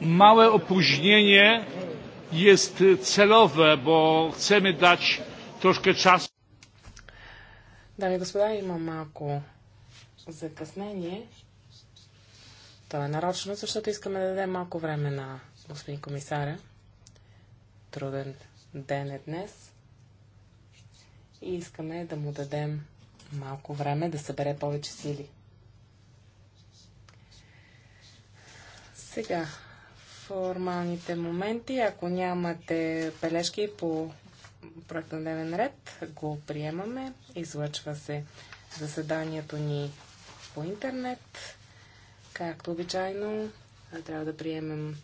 Małe opóźnienie jest celowe, bo chcemy dać troszkę czasu. Дами и господа, има малко закъснение. То е нарочно, защото искаме да дадем малко време на господин комисаря. Труден ден е днес. И искаме да му дадем малко време да събере повече сили. Сега, формалните моменти. Ако нямате бележки по проекта на дневен ред, го приемаме. Излъчва се заседанието ни по интернет. Както обичайно, трябва да приемем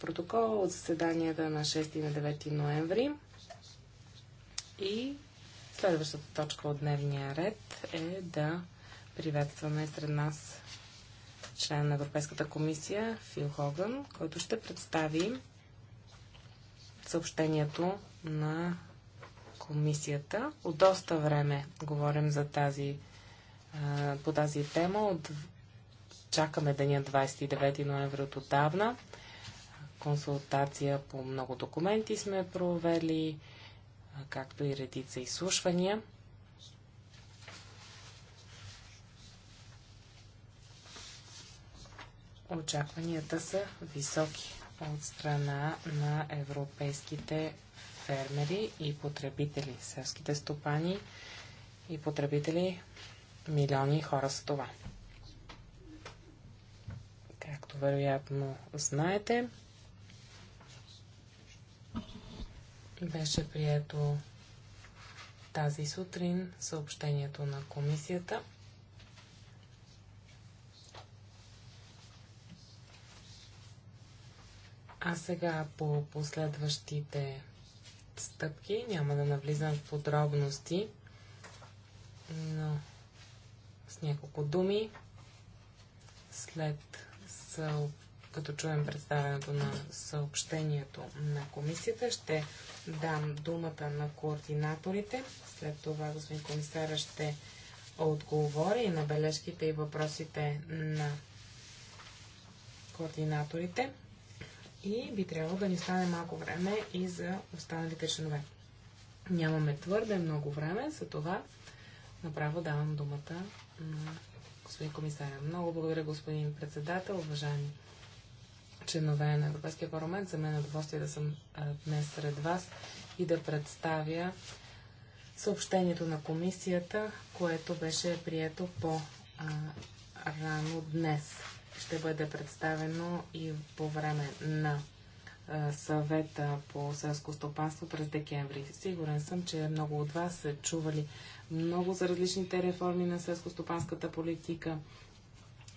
протокол от заседанията на 6 и на 9 ноември. И Следващата точка от дневния ред е да приветстваме сред нас член на Европейската комисия Фил Хоган, който ще представи съобщението на комисията. От доста време говорим за тази, по тази тема. От... Чакаме деня 29 ноември от отдавна. Консултация по много документи сме провели както и редица изслушвания. Очакванията са високи от страна на европейските фермери и потребители, селските стопани и потребители, милиони хора са това. Както вероятно знаете, беше прието тази сутрин съобщението на комисията. А сега по последващите стъпки няма да навлизам в подробности, но с няколко думи след като чуем представянето на съобщението на комисията, ще дам думата на координаторите. След това господин комисара ще отговори на бележките и въпросите на координаторите. И би трябвало да ни стане малко време и за останалите членове. Нямаме твърде много време, за това направо давам думата на господин комисаря. Много благодаря, господин председател, уважаеми членове на Европейския парламент. За мен е удоволствие да съм днес сред вас и да представя съобщението на комисията, което беше прието по-рано днес. Ще бъде представено и по време на съвета по селско стопанство през декември. Сигурен съм, че много от вас са чували много за различните реформи на селско-стопанската политика,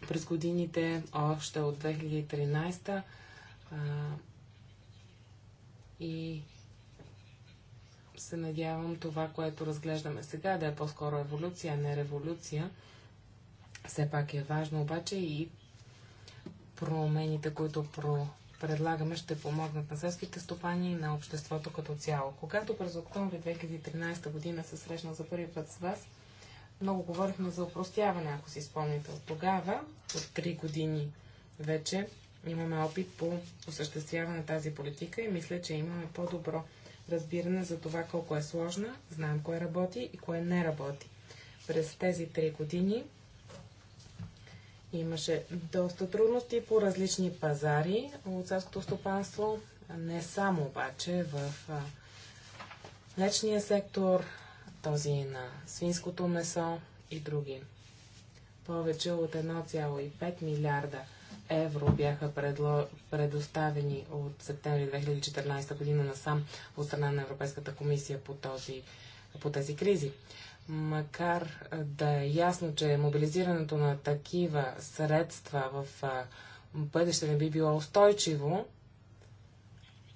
през годините, още от 2013. А, и се надявам това, което разглеждаме сега, да е по-скоро еволюция, а не революция. Все пак е важно обаче и промените, които про предлагаме, ще помогнат на селските стопани и на обществото като цяло. Когато през октомври 2013 година се срещна за първи път с вас, много говорихме за упростяване, ако си спомните. От тогава, от 3 години вече, имаме опит по осъществяване на тази политика и мисля, че имаме по-добро разбиране за това колко е сложна, знаем кое работи и кое не работи. През тези 3 години имаше доста трудности по различни пазари от селското стопанство, не само обаче в лечния сектор, този на свинското месо и други. Повече от 1,5 милиарда евро бяха предло... предоставени от септември 2014 година насам от страна на Европейската комисия по, този... по тези кризи. Макар да е ясно, че мобилизирането на такива средства в бъдеще не би било устойчиво,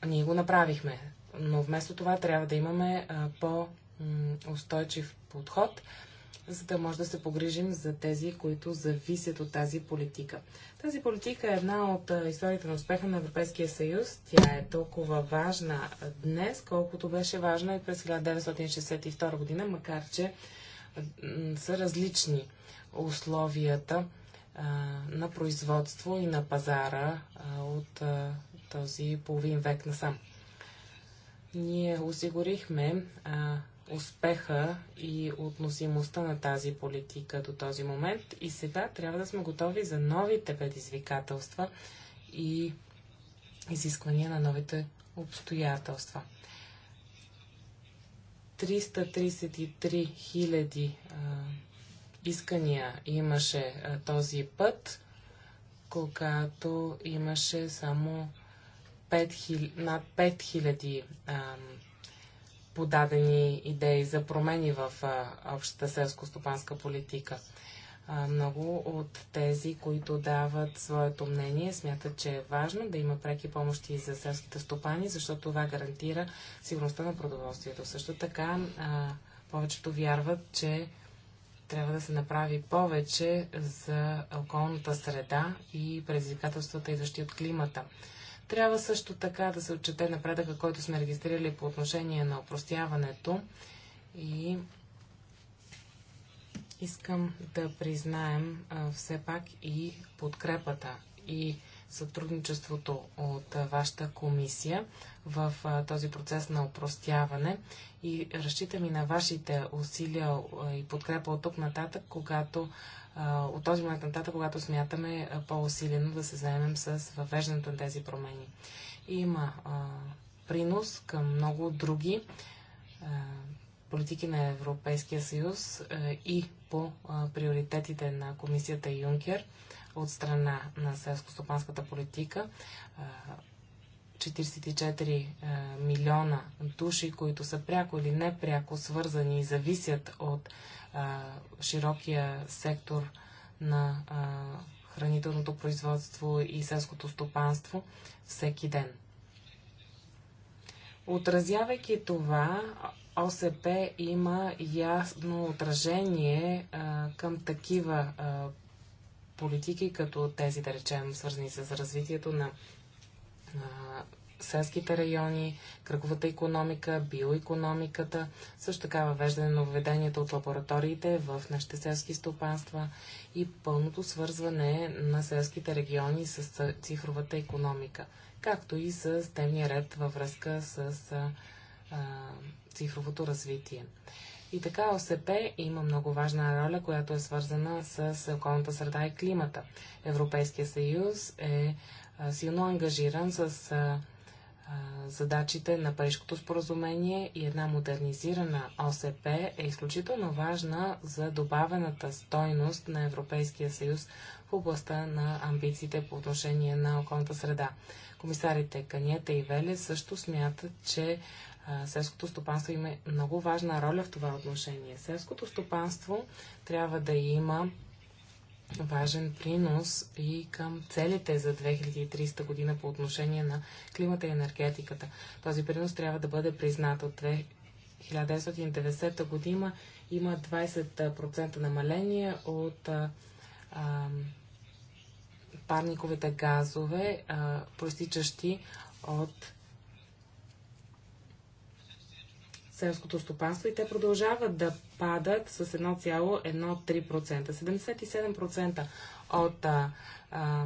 ние го направихме. Но вместо това трябва да имаме по устойчив подход, за да може да се погрижим за тези, които зависят от тази политика. Тази политика е една от историята на успеха на Европейския съюз. Тя е толкова важна днес, колкото беше важна и през 1962 година, макар че са различни условията на производство и на пазара от този половин век насам. Ние осигурихме успеха и относимостта на тази политика до този момент. И сега трябва да сме готови за новите предизвикателства и изисквания на новите обстоятелства. 333 хиляди искания имаше а, този път, когато имаше само 5 000, над 5000 хиляди подадени идеи за промени в общата селско-стопанска политика. Много от тези, които дават своето мнение, смятат, че е важно да има преки помощи за селските стопани, защото това гарантира сигурността на продоволствието. Също така, повечето вярват, че трябва да се направи повече за околната среда и предизвикателствата, идващи от климата. Трябва също така да се отчете напредъка, който сме регистрирали по отношение на опростяването и искам да признаем все пак и подкрепата и сътрудничеството от вашата комисия в този процес на опростяване и разчитам и на вашите усилия и подкрепа от тук нататък, когато от този момент нататък, когато смятаме по-усилено да се заемем с въвеждането на тези промени. Има принос към много други политики на Европейския съюз и по приоритетите на комисията Юнкер от страна на селско-стопанската политика. 44 милиона души, които са пряко или непряко свързани и зависят от широкия сектор на хранителното производство и селското стопанство всеки ден. Отразявайки това, ОСП има ясно отражение към такива политики, като тези, да речем, свързани с развитието на селските райони, кръговата економика, биоекономиката, също така въвеждане на введенията от лабораториите в нашите селски стопанства и пълното свързване на селските региони с цифровата економика, както и с темния ред във връзка с а, цифровото развитие. И така ОСП има много важна роля, която е свързана с околната среда и климата. Европейския съюз е силно ангажиран с задачите на Парижкото споразумение и една модернизирана ОСП е изключително важна за добавената стойност на Европейския съюз в областта на амбициите по отношение на околната среда. Комисарите Канията и Веле също смятат, че селското стопанство има много важна роля в това отношение. Селското стопанство трябва да има важен принос и към целите за 2300 година по отношение на климата и енергетиката. Този принос трябва да бъде признат от 1990 година. Има 20% намаление от а, парниковите газове, а, проистичащи от селското стопанство и те продължават да падат с 1,13%. 77% от а, а,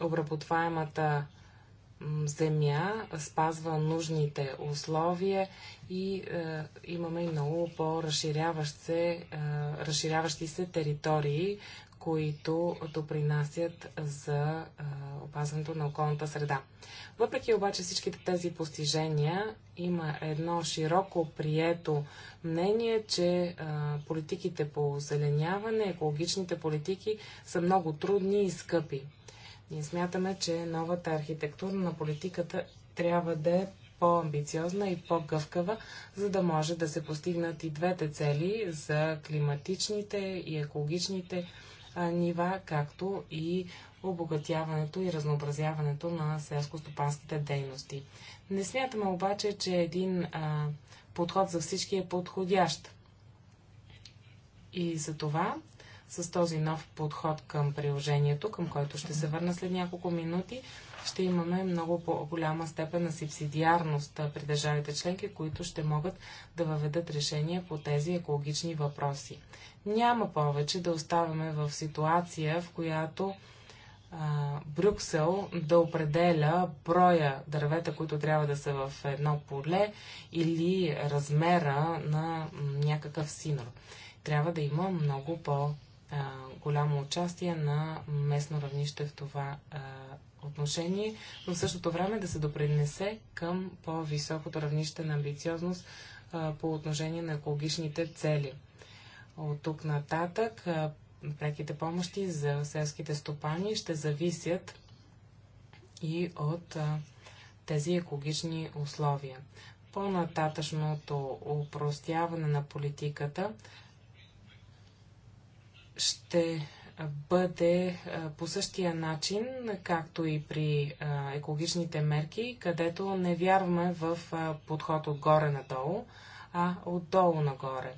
обработваемата земя спазва нужните условия и е, имаме и много по-разширяващи се, е, разширяващи се територии които допринасят за опазването на околната среда. Въпреки обаче всичките тези постижения, има едно широко прието мнение, че политиките по озеленяване, екологичните политики са много трудни и скъпи. Ние смятаме, че новата архитектура на политиката трябва да е по-амбициозна и по-гъвкава, за да може да се постигнат и двете цели за климатичните и екологичните нива, както и обогатяването и разнообразяването на селско-стопанските дейности. Не смятаме обаче, че един а, подход за всички е подходящ. И за това с този нов подход към приложението, към който ще се върна след няколко минути, ще имаме много по-голяма степен на субсидиарност при държавите членки, които ще могат да въведат решения по тези екологични въпроси. Няма повече да оставаме в ситуация, в която Брюксел да определя броя дървета, които трябва да са в едно поле или размера на някакъв синор. Трябва да има много по- а, голямо участие на местно равнище в това а, отношение, но в същото време да се допринесе към по-високото равнище на амбициозност а, по отношение на екологичните цели. От тук нататък а, преките помощи за селските стопани ще зависят и от а, тези екологични условия. По-нататъчното упростяване на политиката ще бъде по същия начин, както и при екологичните мерки, където не вярваме в подход отгоре надолу, а отдолу нагоре.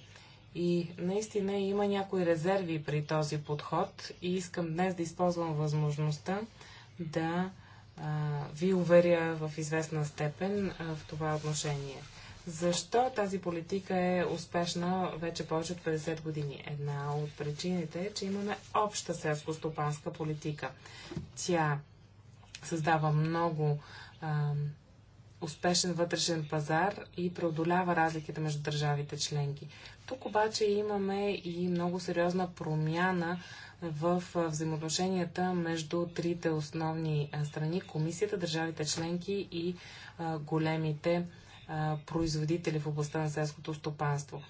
И наистина има някои резерви при този подход и искам днес да използвам възможността да ви уверя в известна степен в това отношение. Защо тази политика е успешна вече повече от 50 години? Една от причините е, че имаме обща селско-стопанска политика. Тя създава много а, успешен вътрешен пазар и преодолява разликите между държавите членки. Тук обаче имаме и много сериозна промяна в взаимоотношенията между трите основни страни комисията, държавите членки и а, големите производители в областта на селското стопанство.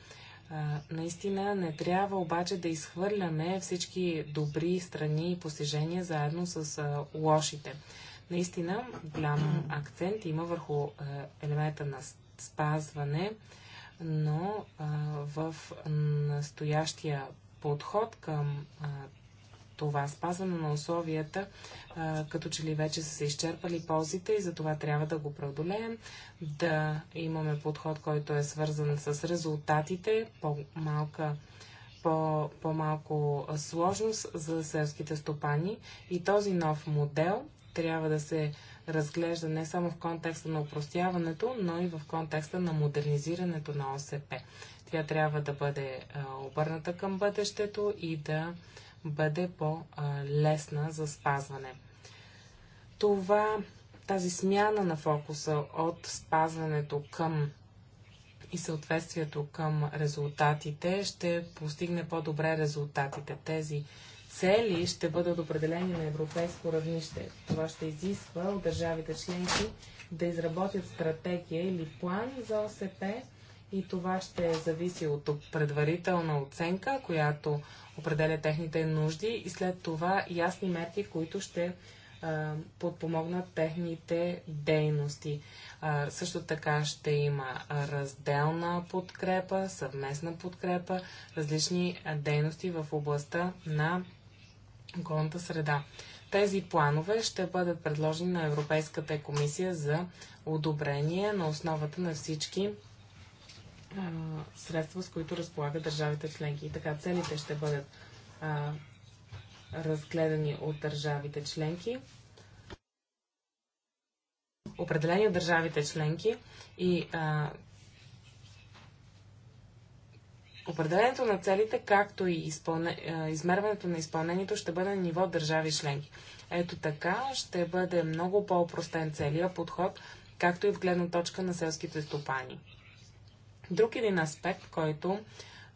наистина не трябва обаче да изхвърляме всички добри страни и постижения заедно с лошите. Наистина голям акцент има върху елемента на спазване, но в настоящия подход към това спазване на условията, като че ли вече са се изчерпали ползите и за това трябва да го преодолеем, да имаме подход, който е свързан с резултатите, по-малка по, малка по малко сложност за селските стопани и този нов модел трябва да се разглежда не само в контекста на упростяването, но и в контекста на модернизирането на ОСП. Тя трябва да бъде обърната към бъдещето и да бъде по-лесна за спазване. Това, тази смяна на фокуса от спазването към и съответствието към резултатите ще постигне по-добре резултатите. Тези цели ще бъдат определени на европейско равнище. Това ще изисква от държавите членки да изработят стратегия или план за ОСП, и това ще зависи от предварителна оценка, която определя техните нужди и след това ясни мерки, които ще подпомогнат техните дейности. също така ще има разделна подкрепа, съвместна подкрепа, различни дейности в областта на околната среда. Тези планове ще бъдат предложени на Европейската комисия за одобрение на основата на всички средства, с които разполагат държавите членки. И така целите ще бъдат а, разгледани от държавите членки, определени от държавите членки и а, Определението на целите, както и изпълне, измерването на изпълнението ще бъде на ниво държави членки. Ето така ще бъде много по-опростен целият подход, както и в гледна точка на селските стопани. Друг един аспект, който,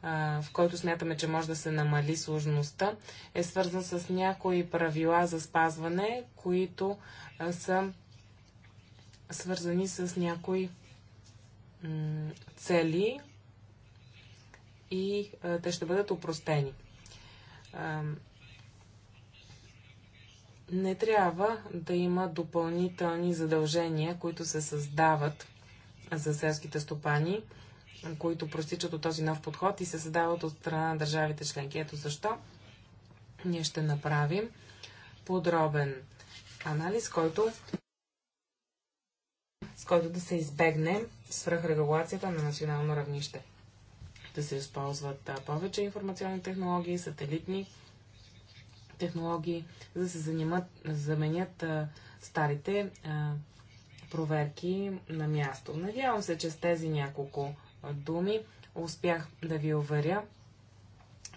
а, в който смятаме, че може да се намали сложността, е свързан с някои правила за спазване, които а, са свързани с някои цели и а, те ще бъдат упростени. Не трябва да има допълнителни задължения, които се създават за селските стопани които простичат от този нов подход и се създават от страна на държавите членки. Ето защо ние ще направим подробен анализ, който, с който да се избегне свръхрегулацията на национално равнище. Да се използват повече информационни технологии, сателитни технологии, за да се занимат, заменят старите проверки на място. Надявам се, че с тези няколко думи, успях да ви уверя,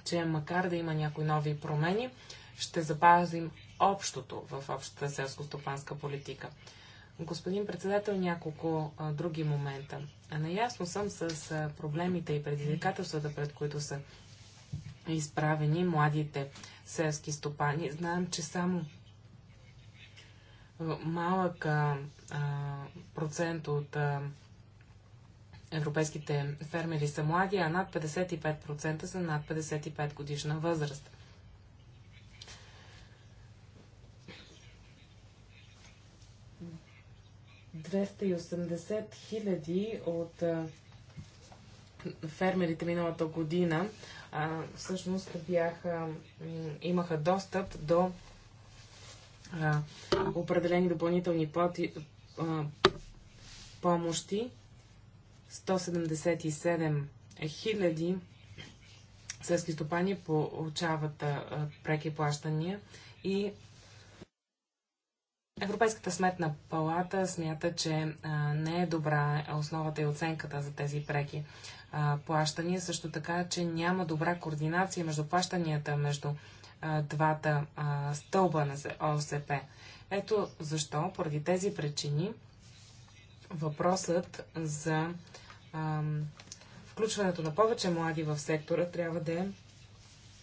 че макар да има някои нови промени, ще запазим общото в общата селско-стопанска политика. Господин председател, няколко а, други момента. наясно съм с а, проблемите и предизвикателствата, пред които са изправени младите селски стопани. Знам, че само малък а, процент от а, европейските фермери са млади, а над 55% са над 55 годишна възраст. хиляди от фермерите миналата година всъщност бяха, имаха достъп до определени допълнителни помощи 177 хиляди селски стопани получават преки плащания и Европейската сметна палата смята, че не е добра основата и оценката за тези преки плащания, също така, че няма добра координация между плащанията между двата стълба на ОСП. Ето защо, поради тези причини, въпросът за ам, включването на повече млади в сектора трябва да е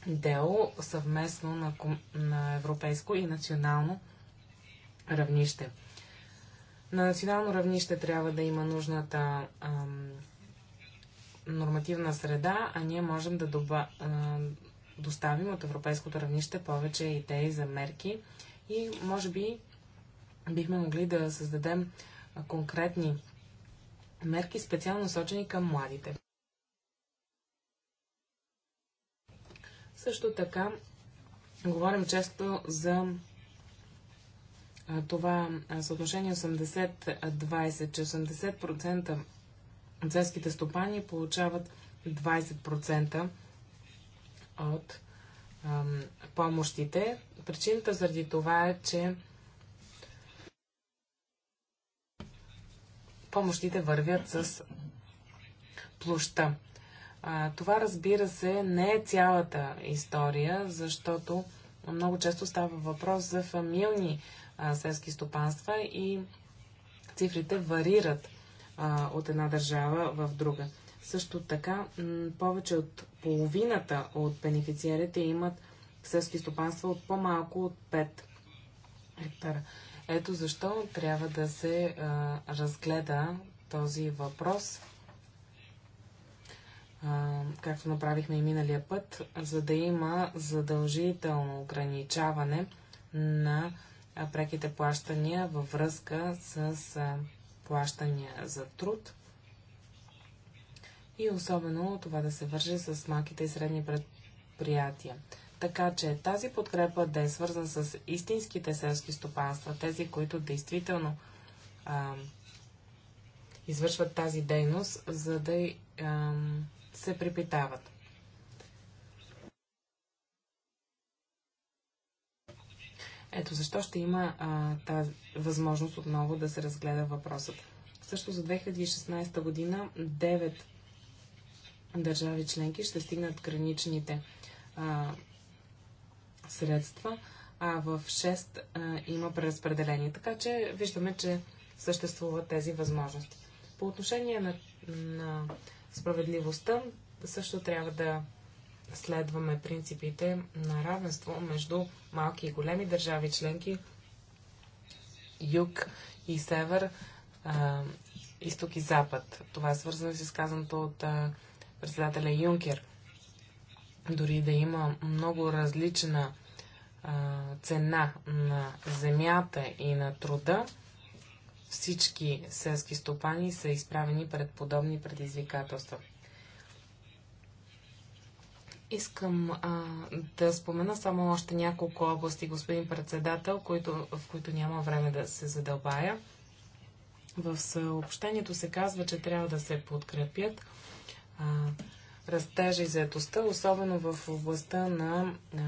дело съвместно на, на европейско и национално равнище. На национално равнище трябва да има нужната ам, нормативна среда, а ние можем да доба, а, доставим от европейското равнище повече идеи за мерки и може би бихме могли да създадем конкретни мерки, специално насочени към младите. Също така, говорим често за това съотношение 80-20, че 80% от селските стопани получават 20% от ам, помощите. Причината заради това е, че помощите вървят с площа. А, това разбира се не е цялата история, защото много често става въпрос за фамилни а, селски стопанства и цифрите варират а, от една държава в друга. Също така, повече от половината от бенефициарите имат селски стопанства от по-малко от 5 хектара. Ето защо трябва да се а, разгледа този въпрос, а, както направихме и миналия път, за да има задължително ограничаване на преките плащания във връзка с а, плащания за труд и особено това да се върже с малките и средни предприятия. Така че тази подкрепа да е свързана с истинските селски стопанства, тези, които действително а, извършват тази дейност, за да а, се припитават. Ето защо ще има а, тази възможност отново да се разгледа въпросът. Също за 2016 година 9 държави членки ще стигнат граничните а, средства, а в 6 а, има преразпределение. Така че виждаме, че съществуват тези възможности. По отношение на, на справедливостта, също трябва да следваме принципите на равенство между малки и големи държави членки, юг и север, а, изток и запад. Това е свързано с изказаното от а, председателя Юнкер. Дори да има много различна цена на земята и на труда, всички селски стопани са изправени пред подобни предизвикателства. Искам а, да спомена само още няколко области, господин председател, които, в които няма време да се задълбая. В съобщението се казва, че трябва да се подкрепят а, растежа и заедостта, особено в областта на а,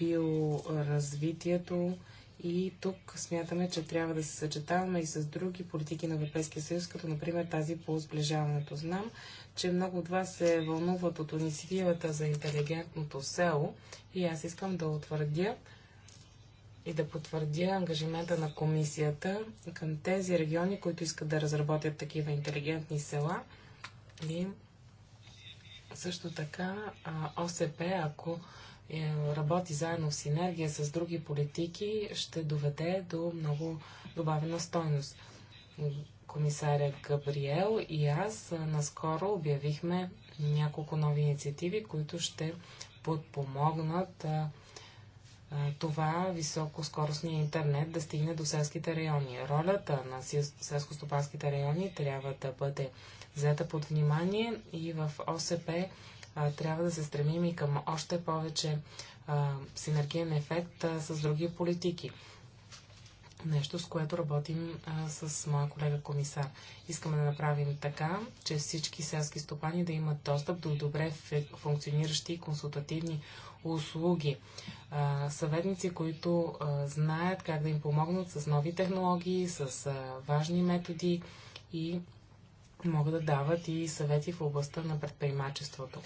биоразвитието и тук смятаме, че трябва да се съчетаваме и с други политики на Европейския съюз, като например тази по сближаването. Знам, че много от вас се вълнуват от унисивията за интелигентното село и аз искам да утвърдя и да потвърдя ангажимента на комисията към тези региони, които искат да разработят такива интелигентни села. И също така ОСП, ако е, работи заедно в синергия с други политики, ще доведе до много добавена стойност. Комисаря Габриел и аз наскоро обявихме няколко нови инициативи, които ще подпомогнат това високоскоростния интернет да стигне до селските райони. Ролята на селскостопанските райони трябва да бъде взета под внимание и в ОСП а, трябва да се стремим и към още повече а, синергиен ефект а, с други политики. Нещо, с което работим а, с моя колега комисар. Искаме да направим така, че всички селски стопани да имат достъп до добре функциониращи консултативни услуги. А, съветници, които а, знаят как да им помогнат с нови технологии, с а, важни методи и могат да дават и съвети в областта на предприемачеството.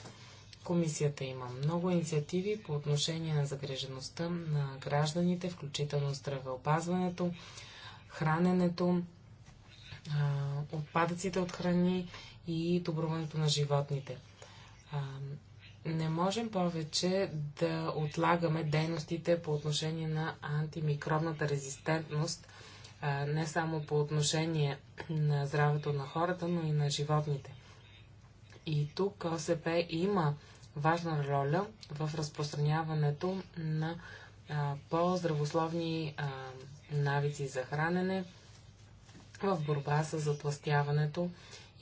Комисията има много инициативи по отношение на загрежеността на гражданите, включително здравеопазването, храненето, отпадъците от храни и добруването на животните. Не можем повече да отлагаме дейностите по отношение на антимикробната резистентност не само по отношение на здравето на хората, но и на животните. И тук ОСП има важна роля в разпространяването на по-здравословни навици за хранене, в борба с затластяването.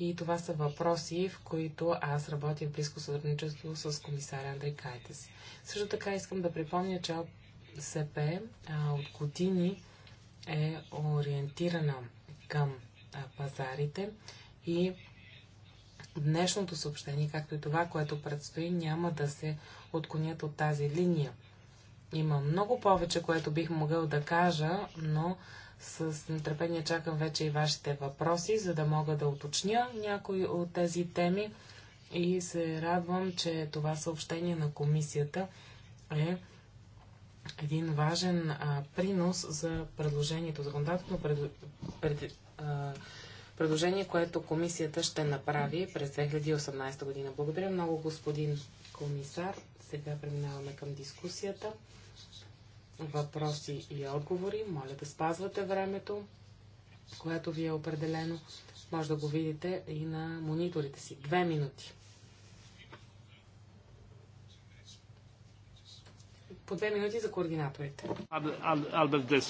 И това са въпроси, в които аз работя в близко сътрудничество с комисаря Андрей Кайтес. Също така искам да припомня, че ОСП от години е ориентирана към пазарите и днешното съобщение, както и това, което предстои, няма да се отклонят от тази линия. Има много повече, което бих могъл да кажа, но с нетърпение чакам вече и вашите въпроси, за да мога да уточня някои от тези теми и се радвам, че това съобщение на комисията е един важен а, принос за предложението, законодателно пред, пред, а, предложение, което комисията ще направи през 2018 година. Благодаря много, господин комисар. Сега преминаваме към дискусията. Въпроси и отговори. Моля да спазвате времето, което ви е определено. Може да го видите и на мониторите си. Две минути. по две минути за координаторите. Алберт Дес.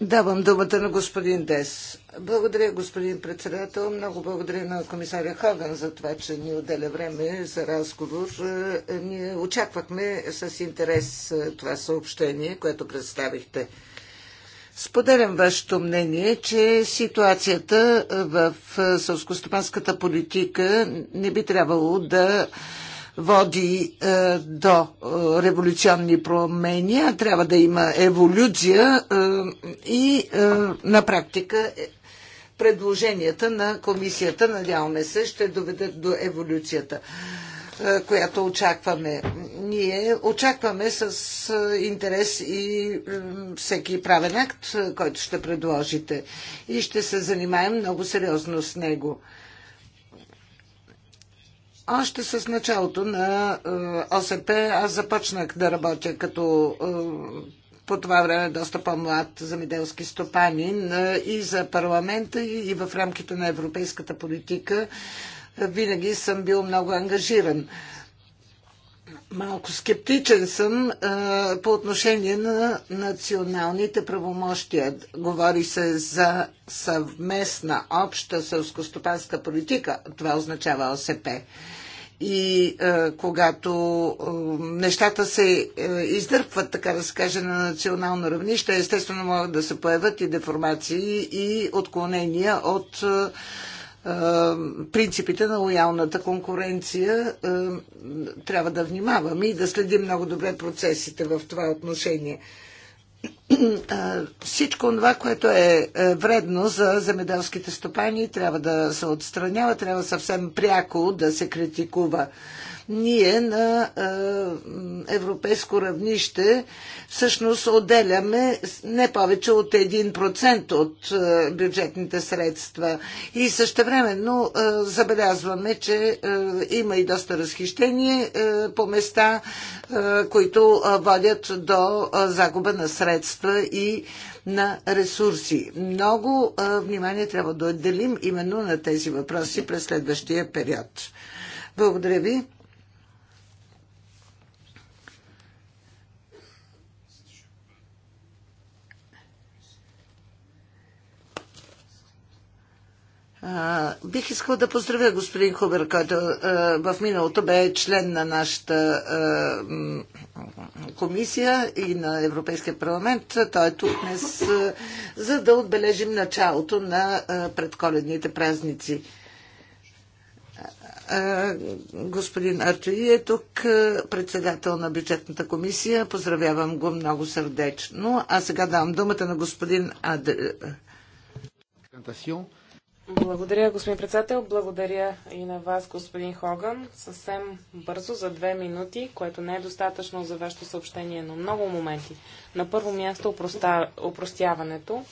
Давам думата на господин Дес. Благодаря, господин председател. Много благодаря на комисаря Хаган за това, че ни отделя време за разговор. Е, ние очаквахме с интерес е, това съобщение, което представихте. Споделям вашето мнение, че ситуацията е, в сълскостопанската политика не би трябвало да води е, до е, революционни промени, а трябва да има еволюция е, и е, на практика е, предложенията на комисията, надяваме се, ще доведат до еволюцията е, която очакваме. Ние очакваме с е, интерес и е, всеки правен акт, който ще предложите. И ще се занимаем много сериозно с него. Още с началото на е, ОСП аз започнах да работя като е, по това време доста по-млад замеделски стопанин е, и за парламента и в рамките на европейската политика винаги съм бил много ангажиран Малко скептичен съм а, по отношение на националните правомощия. Говори се за съвместна обща селскостопанска политика. Това означава ОСП. И а, когато а, нещата се а, издърпват, така да се каже, на национално равнище, естествено могат да се появят и деформации и отклонения от. А, принципите на лоялната конкуренция е, трябва да внимаваме и да следим много добре процесите в това отношение. Всичко това, което е, е вредно за земеделските стопани, трябва да се отстранява, трябва съвсем пряко да се критикува ние на европейско равнище всъщност отделяме не повече от 1% от бюджетните средства. И същевременно забелязваме, че има и доста разхищение по места, които водят до загуба на средства и на ресурси. Много а, внимание трябва да отделим именно на тези въпроси през следващия период. Благодаря ви. бих искал да поздравя господин Хубер, който в миналото бе член на нашата комисия и на Европейския парламент. Той е тук днес, за да отбележим началото на предколедните празници. господин Артуи е тук, председател на бюджетната комисия. Поздравявам го много сърдечно. А сега давам думата на господин Адр... Благодаря, господин председател. Благодаря и на вас, господин Хоган. Съвсем бързо, за две минути, което не е достатъчно за вашето съобщение, но много моменти. На първо място, опроста... опростяването.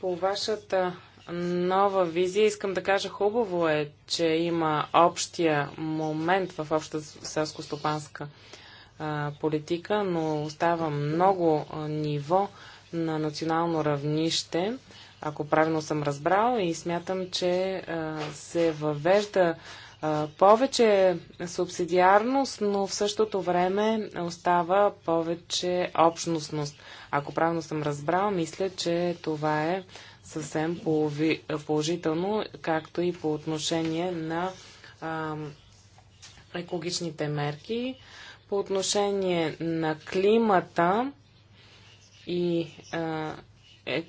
По вашата нова визия искам да кажа хубаво е, че има общия момент в обща селско-стопанска политика, но остава много ниво на национално равнище ако правилно съм разбрал, и смятам, че а, се въвежда а, повече субсидиарност, но в същото време остава повече общностност. Ако правилно съм разбрал, мисля, че това е съвсем положително, както и по отношение на а, екологичните мерки. По отношение на климата и а, е,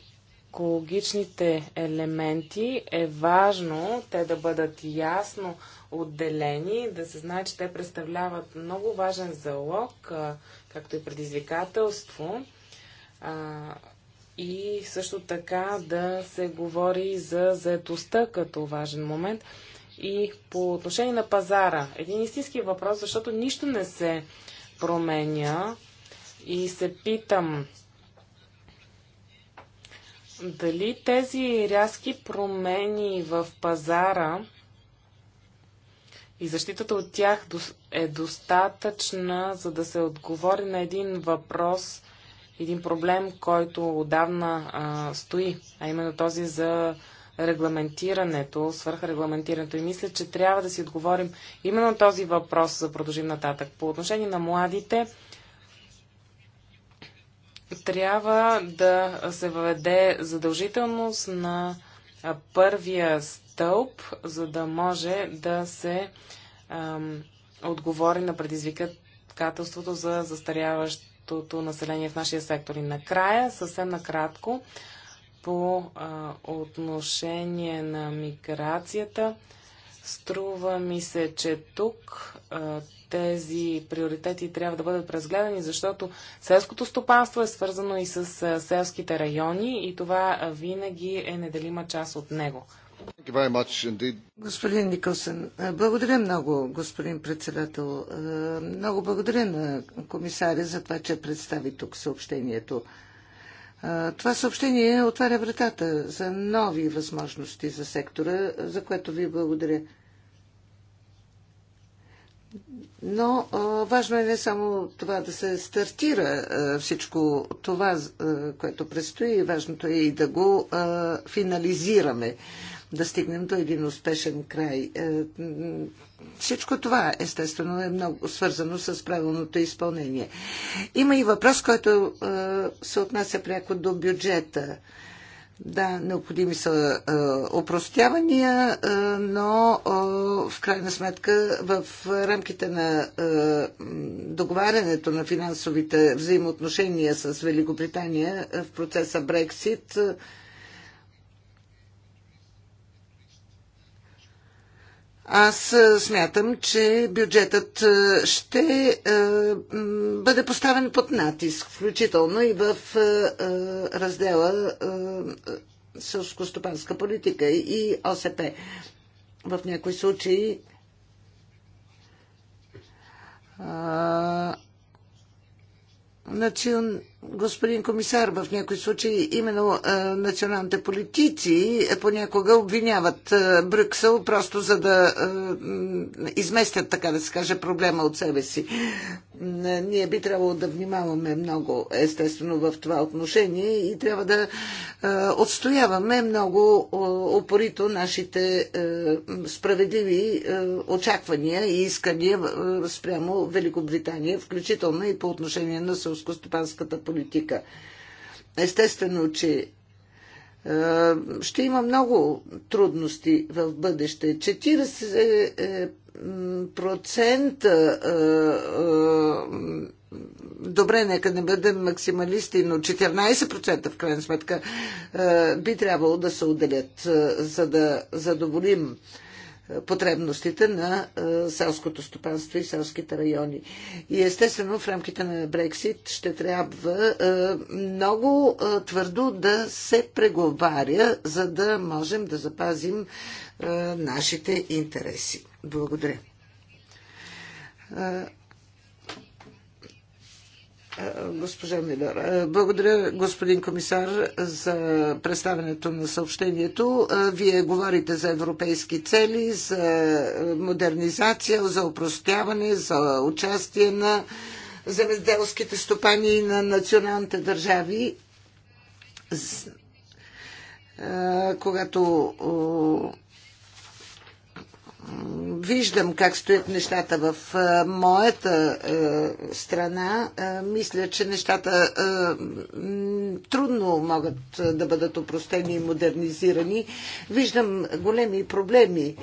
екологичните елементи е важно те да бъдат ясно отделени, да се знае, че те представляват много важен залог, както и предизвикателство. И също така да се говори за заетостта като важен момент. И по отношение на пазара, един истински въпрос, защото нищо не се променя и се питам, дали тези рязки промени в пазара и защитата от тях е достатъчна, за да се отговори на един въпрос, един проблем, който отдавна а, стои, а именно този за регламентирането, свърхрегламентирането. И мисля, че трябва да си отговорим именно този въпрос, за да продължим нататък. По отношение на младите, трябва да се въведе задължителност на първия стълб, за да може да се ам, отговори на предизвикателството за застаряващото население в нашия сектор. И накрая, съвсем накратко, по а, отношение на миграцията, Струва ми се, че тук а, тези приоритети трябва да бъдат разгледани, защото селското стопанство е свързано и с а, селските райони и това а, винаги е неделима част от него. Господин Николсен, благодаря много, господин председател. Много благодаря на комисаря за това, че представи тук съобщението. Това съобщение отваря вратата за нови възможности за сектора, за което ви благодаря. Но важно е не само това да се стартира всичко това, което предстои, важното е и да го финализираме да стигнем до един успешен край. Е, всичко това, естествено, е много свързано с правилното изпълнение. Има и въпрос, който е, се отнася пряко до бюджета. Да, необходими са е, опростявания, е, но е, в крайна сметка в рамките на е, договарянето на финансовите взаимоотношения с Великобритания е, в процеса Брексит. Е, Аз е, смятам, че бюджетът е, ще е, бъде поставен под натиск, включително и в раздела сълскостопанска стопанска политика и ОСП. В някои случаи национ господин комисар, в някои случаи именно националните политици понякога обвиняват Брюксел просто за да изместят, така да се каже, проблема от себе си. Ние би трябвало да внимаваме много, естествено, в това отношение и трябва да отстояваме много опорито нашите справедливи очаквания и искания спрямо Великобритания, включително и по отношение на сълскостопанската политика политика. Естествено, че ще има много трудности в бъдеще. 40% е, е, добре, нека не бъдем максималисти, но 14% в крайна сметка би трябвало да се отделят, за да задоволим потребностите на е, селското стопанство и селските райони. И естествено в рамките на Брексит ще трябва е, много е, твърдо да се преговаря, за да можем да запазим нашите интереси. Благодаря госпожа Милер. Е, благодаря, господин комисар, за представянето на съобщението. Е, вие говорите за европейски цели, за модернизация, за упростяване, за участие на земеделските стопани и на националните държави. Е, когато виждам как стоят нещата в моята страна, мисля, че нещата трудно могат да бъдат опростени и модернизирани. Виждам големи проблеми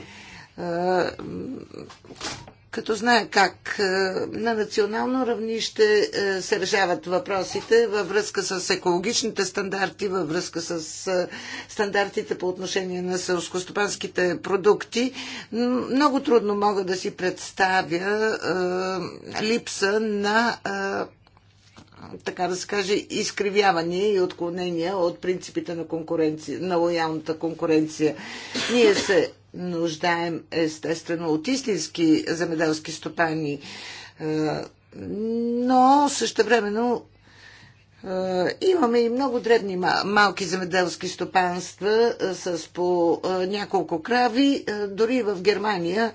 като знае как е, на национално равнище е, се решават въпросите във връзка с екологичните стандарти, във връзка с е, стандартите по отношение на селскостопанските продукти. Много трудно мога да си представя липса на така да се каже, изкривявания и отклонения от принципите на, конкуренция, на лоялната конкуренция. Ние се нуждаем естествено от истински земеделски стопани, е, но същевременно е, Имаме и много дребни малки земеделски стопанства е, с по няколко крави. Дори в Германия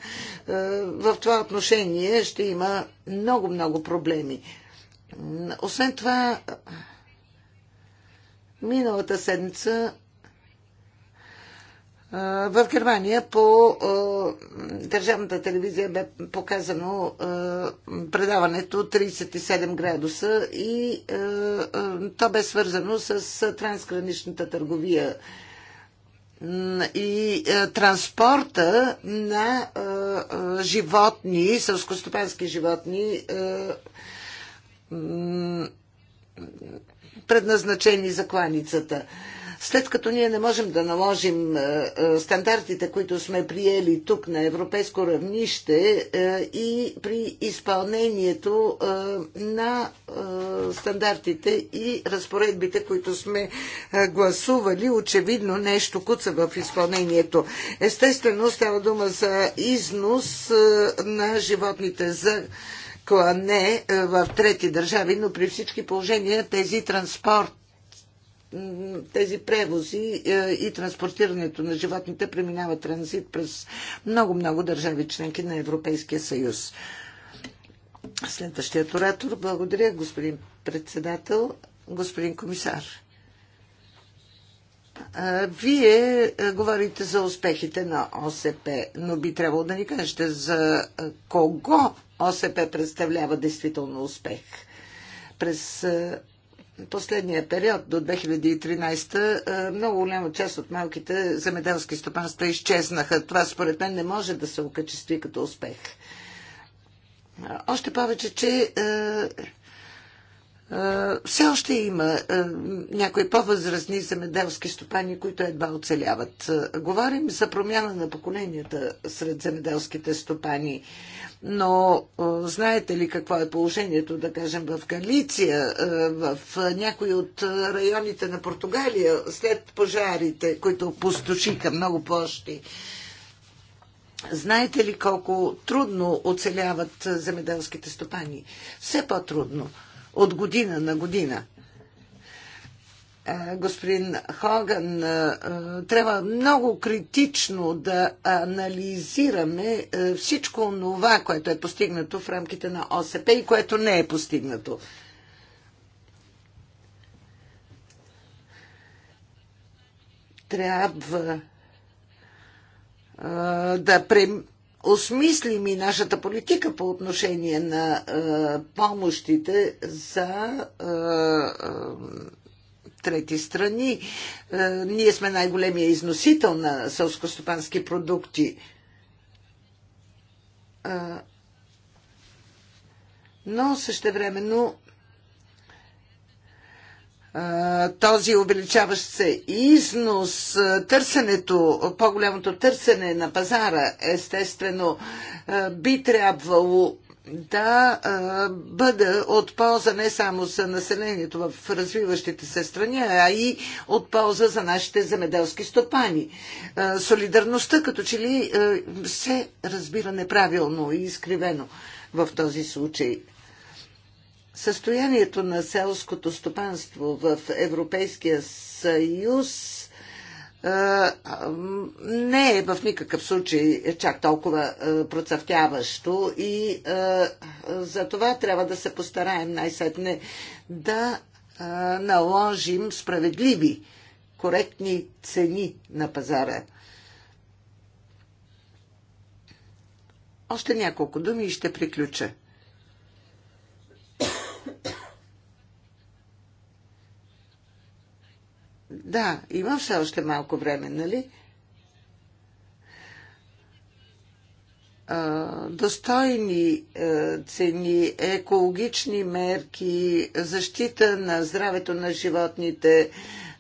в това отношение ще има много-много проблеми. Освен това, миналата седмица в Германия по държавната телевизия бе показано предаването 37 градуса и то бе свързано с трансграничната търговия и транспорта на животни, сълскостопански животни, предназначени за кланицата. След като ние не можем да наложим е, е, стандартите, които сме приели тук на европейско равнище е, и при изпълнението на стандартите и разпоредбите, които сме гласували, очевидно нещо куца в изпълнението. Естествено, става дума за износ на животните за клане в трети държави, но при всички положения тези транспорт тези превози е, и транспортирането на животните преминава транзит през много-много държави членки на Европейския съюз. Следващият оратор. Благодаря, господин председател, господин комисар. Вие е, говорите за успехите на ОСП, но би трябвало да ни кажете за е, кого ОСП представлява действително успех. През последния период до 2013 много голяма част от малките земеделски стопанства изчезнаха. Това според мен не може да се окачестви като успех. Още повече, че все още има някои по-възрастни земеделски стопани, които едва оцеляват. Говорим за промяна на поколенията сред земеделските стопани. Но е, знаете ли какво е положението, да кажем, в Галиция, е, в някои от районите на Португалия, след пожарите, които опустошиха много площи? Знаете ли колко трудно оцеляват земеделските стопани? Все по-трудно. От година на година. Е, господин Хоган, е, е, трябва много критично да анализираме всичко това, което е постигнато в рамките на ОСП и което не е постигнато. Трябва да осмислим и нашата политика по отношение на помощите за трети страни. Е, ние сме най-големия износител на селскостопански продукти. Е, но същевременно е, този увеличаващ се износ, търсенето, по-голямото търсене на пазара, естествено, би трябвало да бъда от полза не само за населението в развиващите се страни, а и от полза за нашите земеделски стопани. Солидарността като че ли се разбира неправилно и изкривено в този случай. Състоянието на селското стопанство в Европейския съюз е, не е в никакъв случай чак толкова е, процъфтяващо и е, за това трябва да се постараем най-сетне да наложим справедливи, коректни цени на пазара. Още няколко думи и ще приключа. Да, има все още малко време, нали? достойни е, цени, екологични мерки, защита на здравето на животните.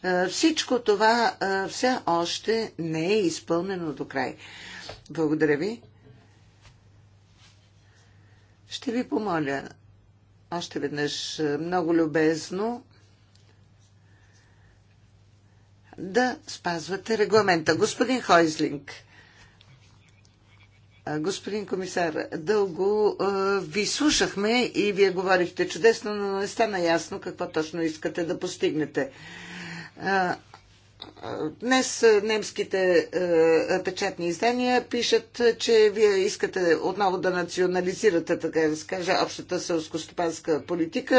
Е, всичко това е, все още не е изпълнено до край. Благодаря ви. Ще ви помоля още веднъж много любезно да спазвате регламента. Господин Хойзлинг, господин комисар, дълго ви слушахме и вие говорихте чудесно, но не стана ясно какво точно искате да постигнете. Днес немските е, печатни издания пишат, че вие искате отново да национализирате, така да се каже, общата селскостопанска политика,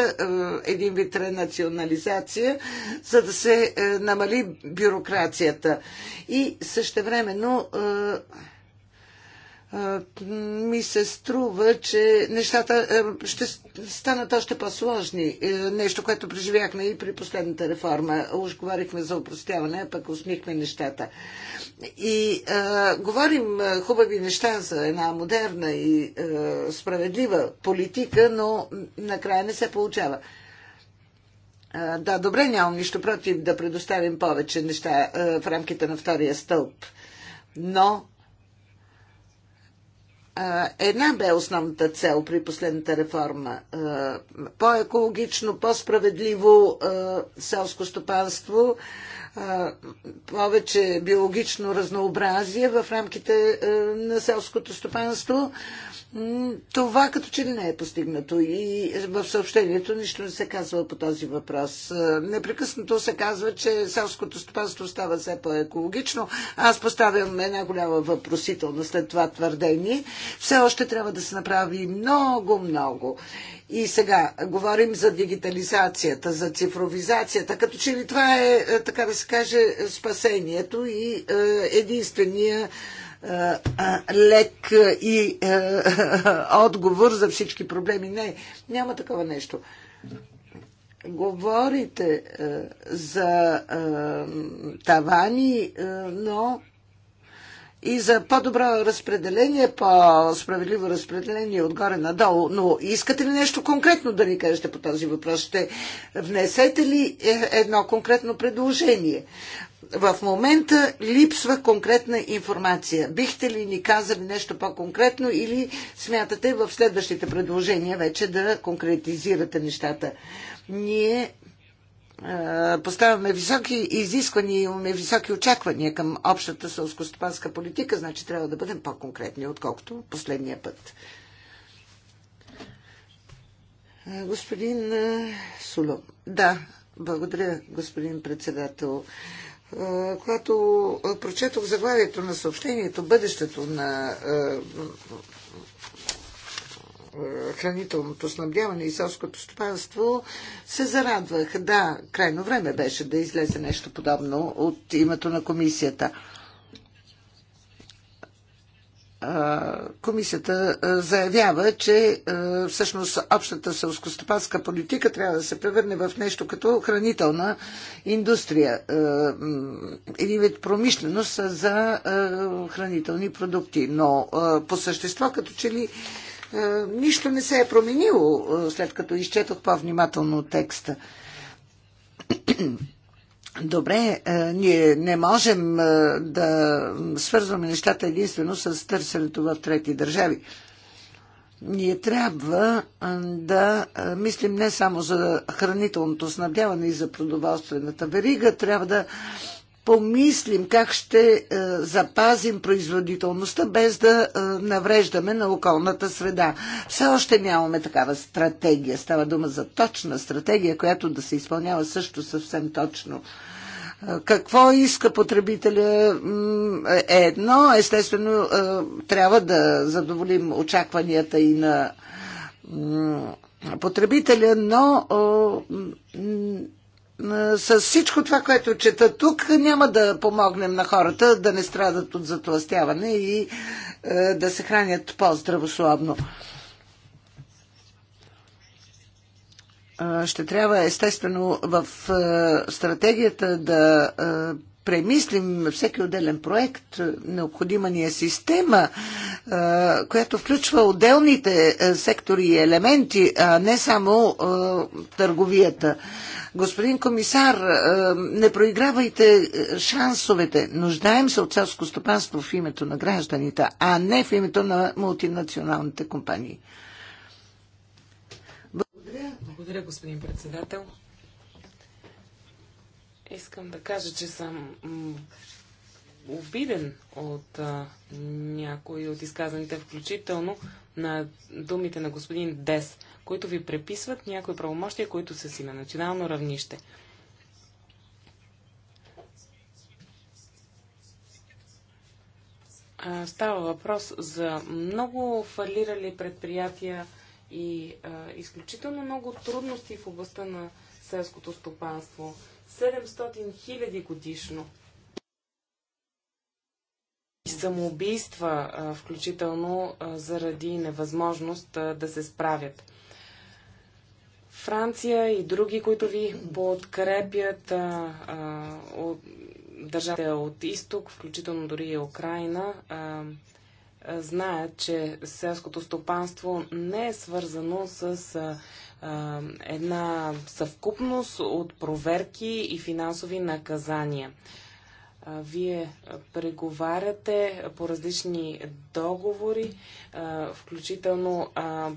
е, един вид ренационализация, за да се е, намали бюрокрацията. И същевременно времено ми се струва, че нещата ще станат още по-сложни. Е, нещо, което преживяхме и при последната реформа. Уж говорихме за упростяване, а пък усмихме нещата. И а, говорим хубави неща за една модерна и а, справедлива политика, но накрая не се получава. А, да, добре, нямам нищо против да предоставим повече неща а, в рамките на втория стълб. Но една бе основната цел при последната реформа. По-екологично, по-справедливо селско стопанство, повече биологично разнообразие в рамките на селското стопанство. Това като че ли не е постигнато и в съобщението нищо не се казва по този въпрос. Непрекъснато се казва, че селското стопанство става все по-екологично. Аз поставям една голяма въпросителна след това твърдение. Все още трябва да се направи много-много. И сега говорим за дигитализацията, за цифровизацията, като че ли това е, е така да се каже, спасението и е, единствения е, лек и отговор за всички проблеми. Не, няма такова нещо. Говорите за тавани, но и за по-добро разпределение, по-справедливо разпределение отгоре надолу. Но искате ли нещо конкретно да ни кажете по този въпрос? Ще внесете ли е, едно конкретно предложение? В момента липсва конкретна информация. Бихте ли ни казали нещо по-конкретно или смятате в следващите предложения вече да конкретизирате нещата? Ние поставяме високи изисквания, и имаме високи очаквания към общата сълскостопанска политика, значи трябва да бъдем по-конкретни, отколкото последния път. Господин Суло. Да, благодаря, господин председател. Когато прочетох заглавието на съобщението Бъдещето на е, хранителното снабдяване и селското стопанство, се зарадвах. Да, крайно време беше да излезе нещо подобно от името на комисията. Комисията заявява, че всъщност общата селскостопанска политика трябва да се превърне в нещо като хранителна индустрия, Или вид промишленост за хранителни продукти. Но по същество, като че ли е, нищо не се е променило, е, след като изчетох по-внимателно текста. Добре, е, ние не можем да свързваме нещата единствено с търсенето в трети държави. Ние трябва да мислим не само за хранителното снабдяване и за продоволствената верига, трябва да помислим как ще е, запазим производителността, без да е, навреждаме на околната среда. Все още нямаме такава стратегия. Става дума за точна стратегия, която да се изпълнява също съвсем точно. Е, какво иска потребителя е едно. Естествено, трябва да задоволим очакванията и на потребителя, но с всичко това, което чета тук, няма да помогнем на хората да не страдат от затластяване и е, да се хранят по-здравословно. Е, ще трябва естествено в е, стратегията да премислим всеки отделен проект. Необходима ни е система, която включва отделните сектори и елементи, а не само търговията. Господин комисар, не проигравайте шансовете. Нуждаем се от селско стопанство в името на гражданите, а не в името на мултинационалните компании. Благодаря. Благодаря, господин председател. Искам да кажа, че съм обиден от а, някои от изказаните, включително на думите на господин Дес, които ви преписват някои правомощия, които са си на национално равнище. А, става въпрос за много фалирали предприятия и а, изключително много трудности в областта на селското стопанство. 700 хиляди годишно. И самоубийства, включително заради невъзможност да се справят. Франция и други, които ви подкрепят а, а, от държавите от изток, включително дори и Украина, а, знаят, че селското стопанство не е свързано с една съвкупност от проверки и финансови наказания. вие преговаряте по различни договори, включително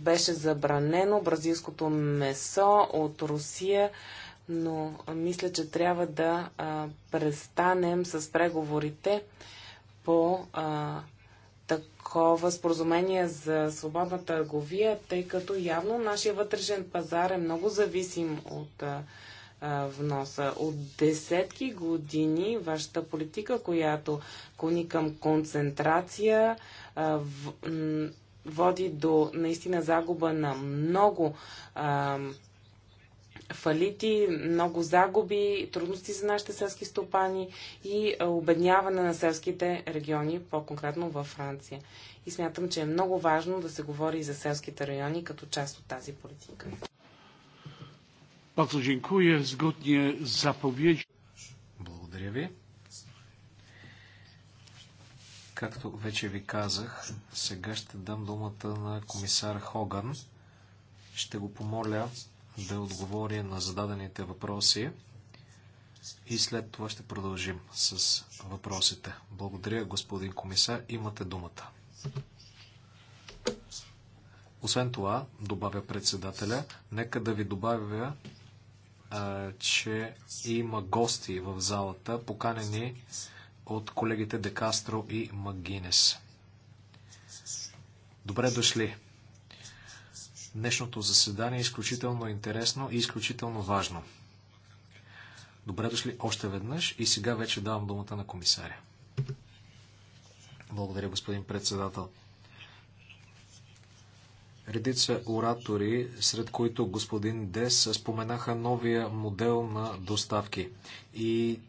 беше забранено бразилското месо от Русия но мисля, че трябва да престанем с преговорите по такова споразумение за свободна търговия, тъй като явно нашия вътрешен пазар е много зависим от вноса. От десетки години вашата политика, която клони към концентрация, води до наистина загуба на много фалити, много загуби, трудности за нашите селски стопани и обедняване на селските региони, по-конкретно във Франция. И смятам, че е много важно да се говори и за селските райони като част от тази политика. Bardzo dziękuję. Zgodnie z zapowiedzią. Благодаря ви. Както вече ви казах, сега ще дам думата на комисар Хоган. Ще го помоля да отговори на зададените въпроси и след това ще продължим с въпросите. Благодаря, господин комисар. Имате думата. Освен това, добавя председателя, нека да ви добавя, а, че има гости в залата, поканени от колегите Декастро и Магинес. Добре дошли! Днешното заседание е изключително интересно и изключително важно. Добре дошли още веднъж и сега вече давам думата на комисаря. Благодаря, господин председател. Редица оратори, сред които господин Дес, споменаха новия модел на доставки и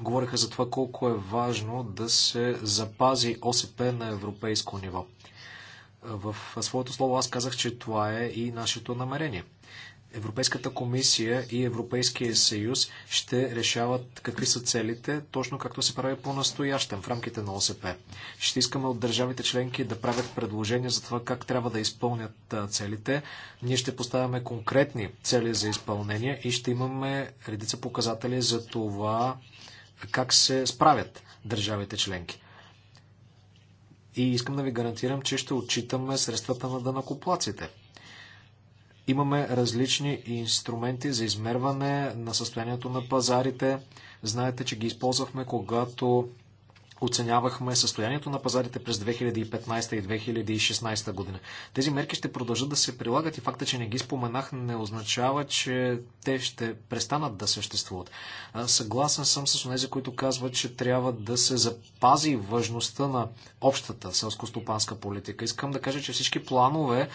говориха за това колко е важно да се запази ОСП на европейско ниво. В своето слово аз казах, че това е и нашето намерение. Европейската комисия и Европейския съюз ще решават какви са целите, точно както се прави по-настоящем в рамките на ОСП. Ще искаме от държавите членки да правят предложения за това как трябва да изпълнят целите. Ние ще поставяме конкретни цели за изпълнение и ще имаме редица показатели за това как се справят държавите членки и искам да ви гарантирам, че ще отчитаме средствата на данакоплаците. Имаме различни инструменти за измерване на състоянието на пазарите. Знаете, че ги използвахме, когато оценявахме състоянието на пазарите през 2015 и 2016 година. Тези мерки ще продължат да се прилагат и факта, че не ги споменах, не означава, че те ще престанат да съществуват. Съгласен съм с тези, които казват, че трябва да се запази важността на общата селско-стопанска политика. Искам да кажа, че всички планове,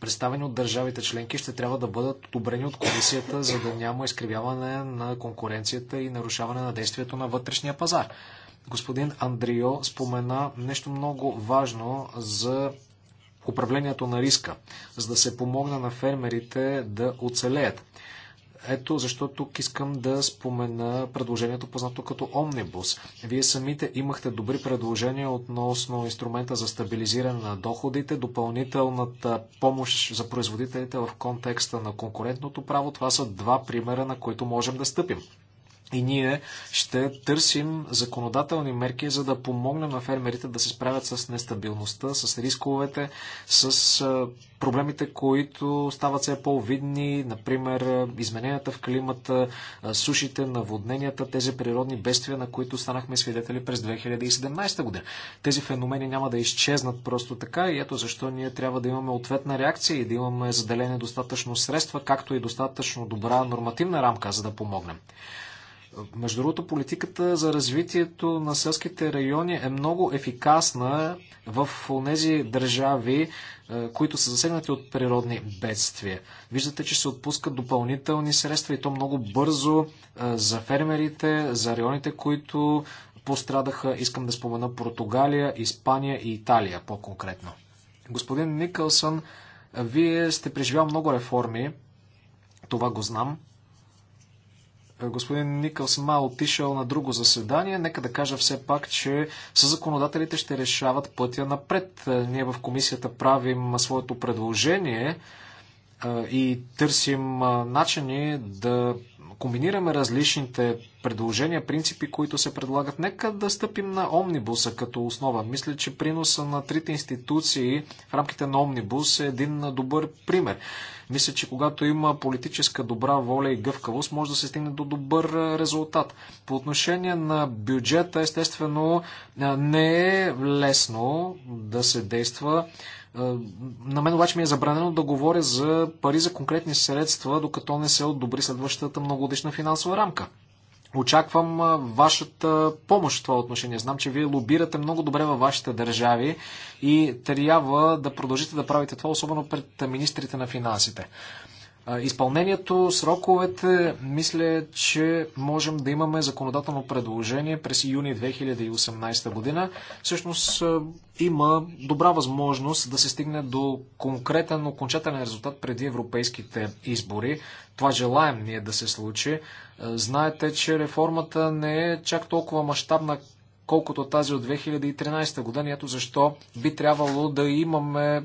представени от държавите членки, ще трябва да бъдат одобрени от комисията, за да няма изкривяване на конкуренцията и нарушаване на действието на вътрешния пазар господин Андрио спомена нещо много важно за управлението на риска, за да се помогне на фермерите да оцелеят. Ето защо тук искам да спомена предложението, познато като Омнибус. Вие самите имахте добри предложения относно инструмента за стабилизиране на доходите, допълнителната помощ за производителите в контекста на конкурентното право. Това са два примера, на които можем да стъпим. И ние ще търсим законодателни мерки, за да помогнем на фермерите да се справят с нестабилността, с рисковете, с проблемите, които стават все по-видни, например измененията в климата, сушите, наводненията, тези природни бедствия, на които станахме свидетели през 2017 година. Тези феномени няма да изчезнат просто така и ето защо ние трябва да имаме ответна реакция и да имаме заделени достатъчно средства, както и достатъчно добра нормативна рамка, за да помогнем. Между другото, политиката за развитието на селските райони е много ефикасна в тези държави, е, които са засегнати от природни бедствия. Виждате, че се отпускат допълнителни средства и то много бързо е, за фермерите, за районите, които пострадаха, искам да спомена Португалия, Испания и Италия по-конкретно. Господин Никълсън, вие сте преживял много реформи, това го знам. Е, господин Никълс Ма отишъл на друго заседание, нека да кажа все пак, че законодателите ще решават пътя напред. Е, ние в комисията правим своето предложение е, и търсим начини да комбинираме различните предложения, принципи, които се предлагат, нека да стъпим на омнибуса като основа. Мисля, че приноса на трите институции в рамките на омнибус е един добър пример. Мисля, че когато има политическа добра воля и гъвкавост, може да се стигне до добър резултат. По отношение на бюджета, естествено, не е лесно да се действа. Е, на мен обаче ми е забранено да говоря за пари за конкретни средства, докато не се одобри следващата многодишна финансова рамка. Очаквам е, вашата помощ в това отношение. Знам, че вие лобирате много добре във вашите държави и трябва да продължите да правите това, особено пред министрите на финансите. Изпълнението, сроковете, мисля, че можем да имаме законодателно предложение през юни 2018 година. Всъщност има добра възможност да се стигне до конкретен, окончателен резултат преди европейските избори. Това желаем ние да се случи. Знаете, че реформата не е чак толкова мащабна, колкото тази от 2013 година. Ето защо би трябвало да имаме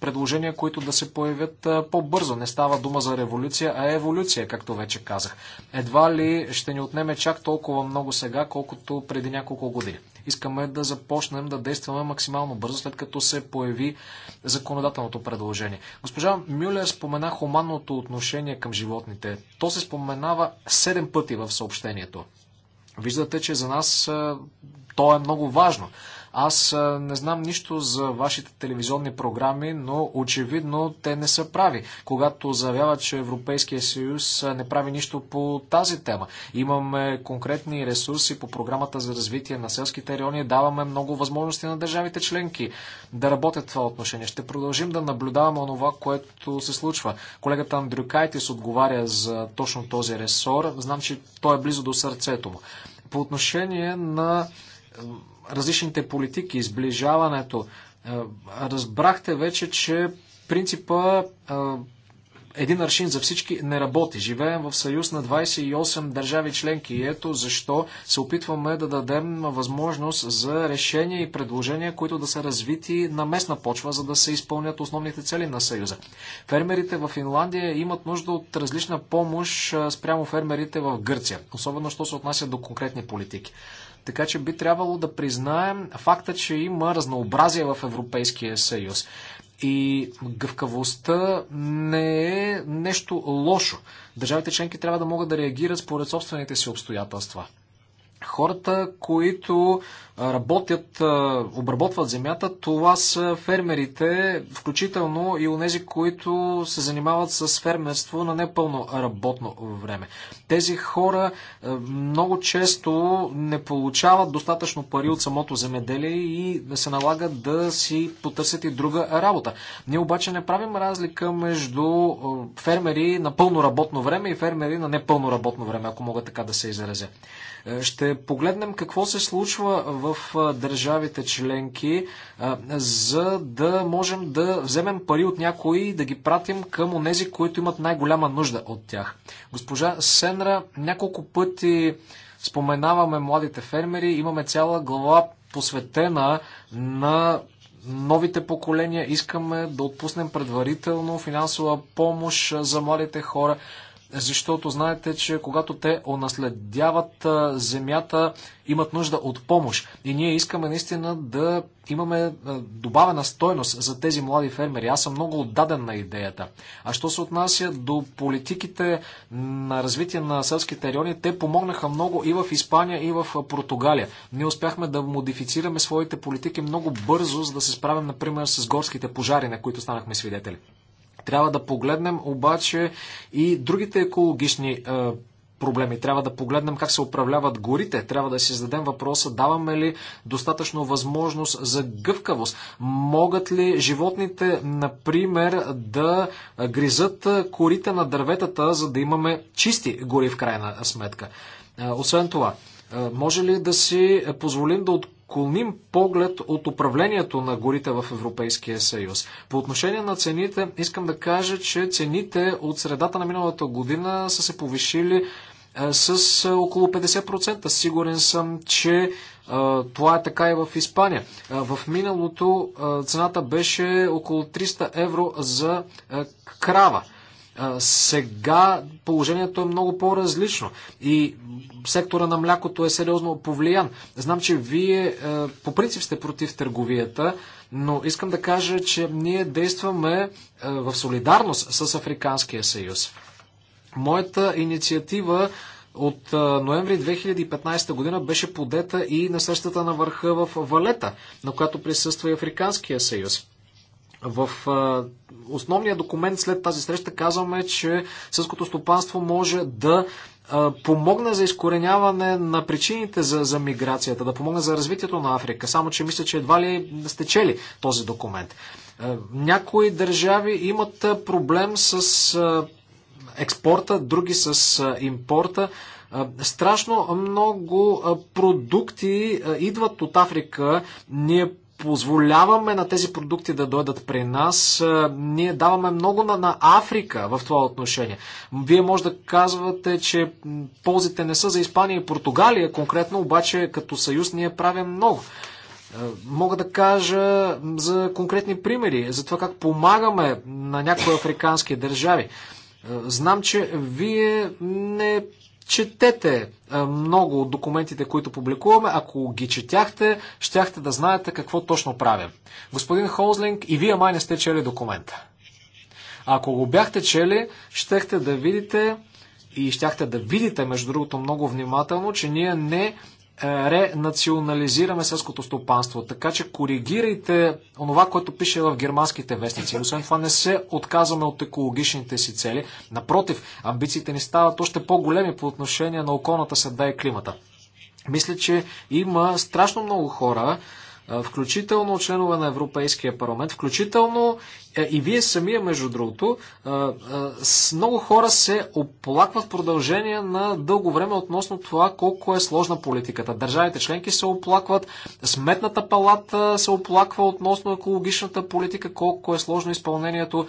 предложения, които да се появят по-бързо. Не става дума за революция, а еволюция, както вече казах. Едва ли ще ни отнеме чак толкова много сега, колкото преди няколко години. Искаме да започнем да действаме максимално бързо, след като се появи законодателното предложение. Госпожа Мюлер спомена хуманното отношение към животните. То се споменава 7 пъти в съобщението. Виждате, че за нас то е много важно. Аз не знам нищо за вашите телевизионни програми, но очевидно те не са прави, когато заявяват, че Европейския съюз не прави нищо по тази тема. Имаме конкретни ресурси по програмата за развитие на селските райони, даваме много възможности на държавите членки да работят това отношение. Ще продължим да наблюдаваме онова, което се случва. Колегата Андрюкайтис отговаря за точно този ресор. Знам, че той е близо до сърцето му. По отношение на различните политики, изближаването. Е, разбрахте вече, че принципа е, един аршин за всички не работи. Живеем в съюз на 28 държави членки и ето защо се опитваме да дадем възможност за решения и предложения, които да са развити на местна почва, за да се изпълнят основните цели на съюза. Фермерите в Финландия имат нужда от различна помощ е, спрямо фермерите в Гърция, особено що се отнася до конкретни политики. Така че би трябвало да признаем факта, че има разнообразие в Европейския съюз. И гъвкавостта не е нещо лошо. Държавите членки трябва да могат да реагират според собствените си обстоятелства. Хората, които работят, обработват земята, това са фермерите, включително и онези, които се занимават с фермерство на непълно работно време. Тези хора много често не получават достатъчно пари от самото земеделие и се налагат да си потърсят и друга работа. Ние обаче не правим разлика между фермери на пълно работно време и фермери на непълно работно време, ако мога така да се изразя. Е, ще погледнем какво се случва в държавите членки, за да можем да вземем пари от някои и да ги пратим към онези, които имат най-голяма нужда от тях. Госпожа Сенра, няколко пъти споменаваме младите фермери, имаме цяла глава посветена на новите поколения, искаме да отпуснем предварително финансова помощ за младите хора защото знаете, че когато те онаследяват земята, имат нужда от помощ. И ние искаме наистина да имаме добавена стойност за тези млади фермери. Аз съм много отдаден на идеята. А що се отнася до политиките на развитие на селските райони, те помогнаха много и в Испания, и в Португалия. Ние успяхме да модифицираме своите политики много бързо, за да се справим, например, с горските пожари, на които станахме свидетели. Трябва да погледнем обаче и другите екологични е, проблеми. Трябва да погледнем как се управляват горите. Трябва да си зададем въпроса, даваме ли достатъчно възможност за гъвкавост. Могат ли животните, например, да гризат е, корите на дърветата, за да имаме чисти гори в крайна сметка? Е, освен това, е, може ли да си позволим да откъснем отклоним поглед от управлението на горите в Европейския съюз. По отношение на цените, искам да кажа, че цените от средата на миналата година са се повишили е, с е, около 50%. Сигурен съм, че е, това е така и в Испания. В миналото цената беше около 300 евро за крава. Сега положението е много по-различно и сектора на млякото е сериозно повлиян. Знам, че вие е, по принцип сте против търговията, но искам да кажа, че ние действаме е, в солидарност с Африканския съюз. Моята инициатива от е, ноември 2015 година беше подета и на срещата на върха в Валета, на която присъства и Африканския съюз. В основния документ след тази среща казваме, че сълското стопанство може да помогне за изкореняване на причините за, за миграцията, да помогне за развитието на Африка. Само, че мисля, че едва ли сте чели този документ. Някои държави имат проблем с експорта, други с импорта. Страшно много продукти идват от Африка. Ние позволяваме на тези продукти да дойдат при нас. Ние даваме много на, на Африка в това отношение. Вие може да казвате, че ползите не са за Испания и Португалия, конкретно обаче като съюз ние правим много. Мога да кажа за конкретни примери, за това как помагаме на някои африкански държави. Знам, че вие не четете много от документите, които публикуваме. Ако ги четяхте, щяхте да знаете какво точно правим. Господин Холзлинг, и вие май не сте чели документа. Ако го бяхте чели, щехте да видите и щяхте да видите, между другото, много внимателно, че ние не ренационализираме селското стопанство. Така че коригирайте онова, което пише в германските вестници. Освен това не се отказваме от екологичните си цели. Напротив, амбициите ни стават още по-големи по отношение на околната среда и климата. Мисля, че има страшно много хора, включително членове на Европейския парламент, включително е, и вие самия, между другото, с много хора се оплакват в продължение на дълго време относно това колко е сложна политиката. Държавите членки се оплакват, Сметната палата се оплаква относно екологичната политика, колко е сложно изпълнението.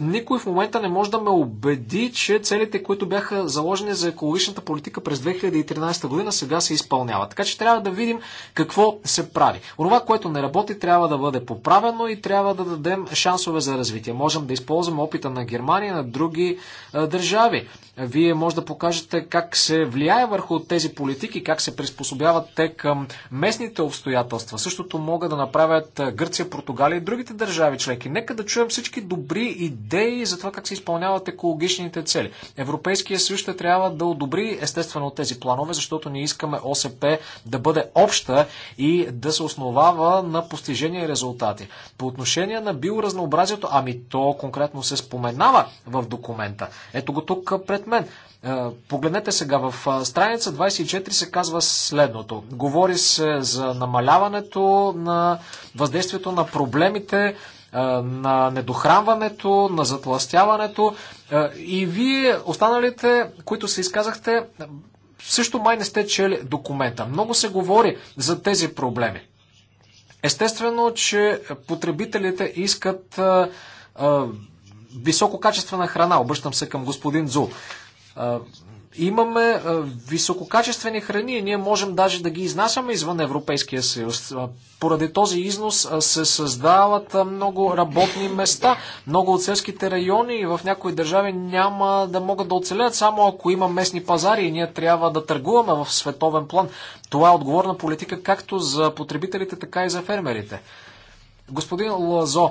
Никой в момента не може да ме убеди, че целите, които бяха заложени за екологичната политика през 2013 година, сега се изпълняват. Така че трябва да видим какво се прави. Онова, което не работи, трябва да бъде поправено и трябва да дадем шансове за развитие. Можем да използваме опита на Германия, на други държави. Вие може да покажете как се влияе върху тези политики, как се приспособяват те към местните обстоятелства. Същото могат да направят Гърция, Португалия и другите държави членки. Нека да чуем всички добри и идеи за това как се изпълняват екологичните цели. Европейския съюз ще трябва да одобри естествено тези планове, защото ние искаме ОСП да бъде обща и да се основава на постижения и резултати. По отношение на биоразнообразието, ами то конкретно се споменава в документа. Ето го тук пред мен. Погледнете сега, в страница 24 се казва следното. Говори се за намаляването на въздействието на проблемите на недохранването, на затластяването. И вие, останалите, които се изказахте, също май не сте чели документа. Много се говори за тези проблеми. Естествено, че потребителите искат висококачествена храна. Обръщам се към господин Зул имаме висококачествени храни и ние можем даже да ги изнасяме извън Европейския съюз. Поради този износ се създават много работни места. Много от селските райони в някои държави няма да могат да оцелят, само ако има местни пазари и ние трябва да търгуваме в световен план. Това е отговорна политика както за потребителите, така и за фермерите. Господин Лазо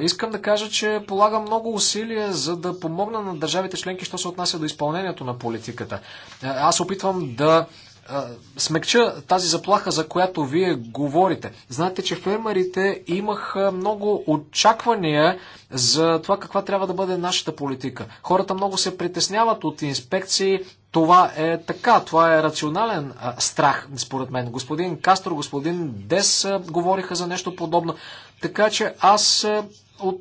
Искам да кажа, че полага много усилия за да помогна на държавите членки, що се отнася до изпълнението на политиката. Аз опитвам да смекча тази заплаха, за която вие говорите. Знаете, че фермерите имаха много очаквания за това каква трябва да бъде нашата политика. Хората много се притесняват от инспекции, това е така, това е рационален а, страх, според мен. Господин Кастро, господин Дес а, говориха за нещо подобно. Така че аз а, от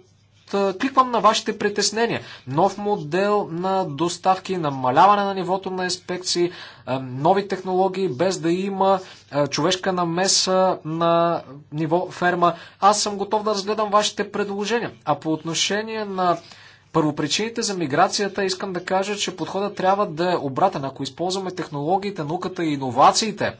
кликвам на вашите притеснения. Нов модел на доставки, намаляване на нивото на инспекции, нови технологии, без да има човешка намеса на ниво ферма. Аз съм готов да разгледам вашите предложения. А по отношение на първопричините за миграцията искам да кажа, че подходът трябва да е обратен. Ако използваме технологиите, науката и иновациите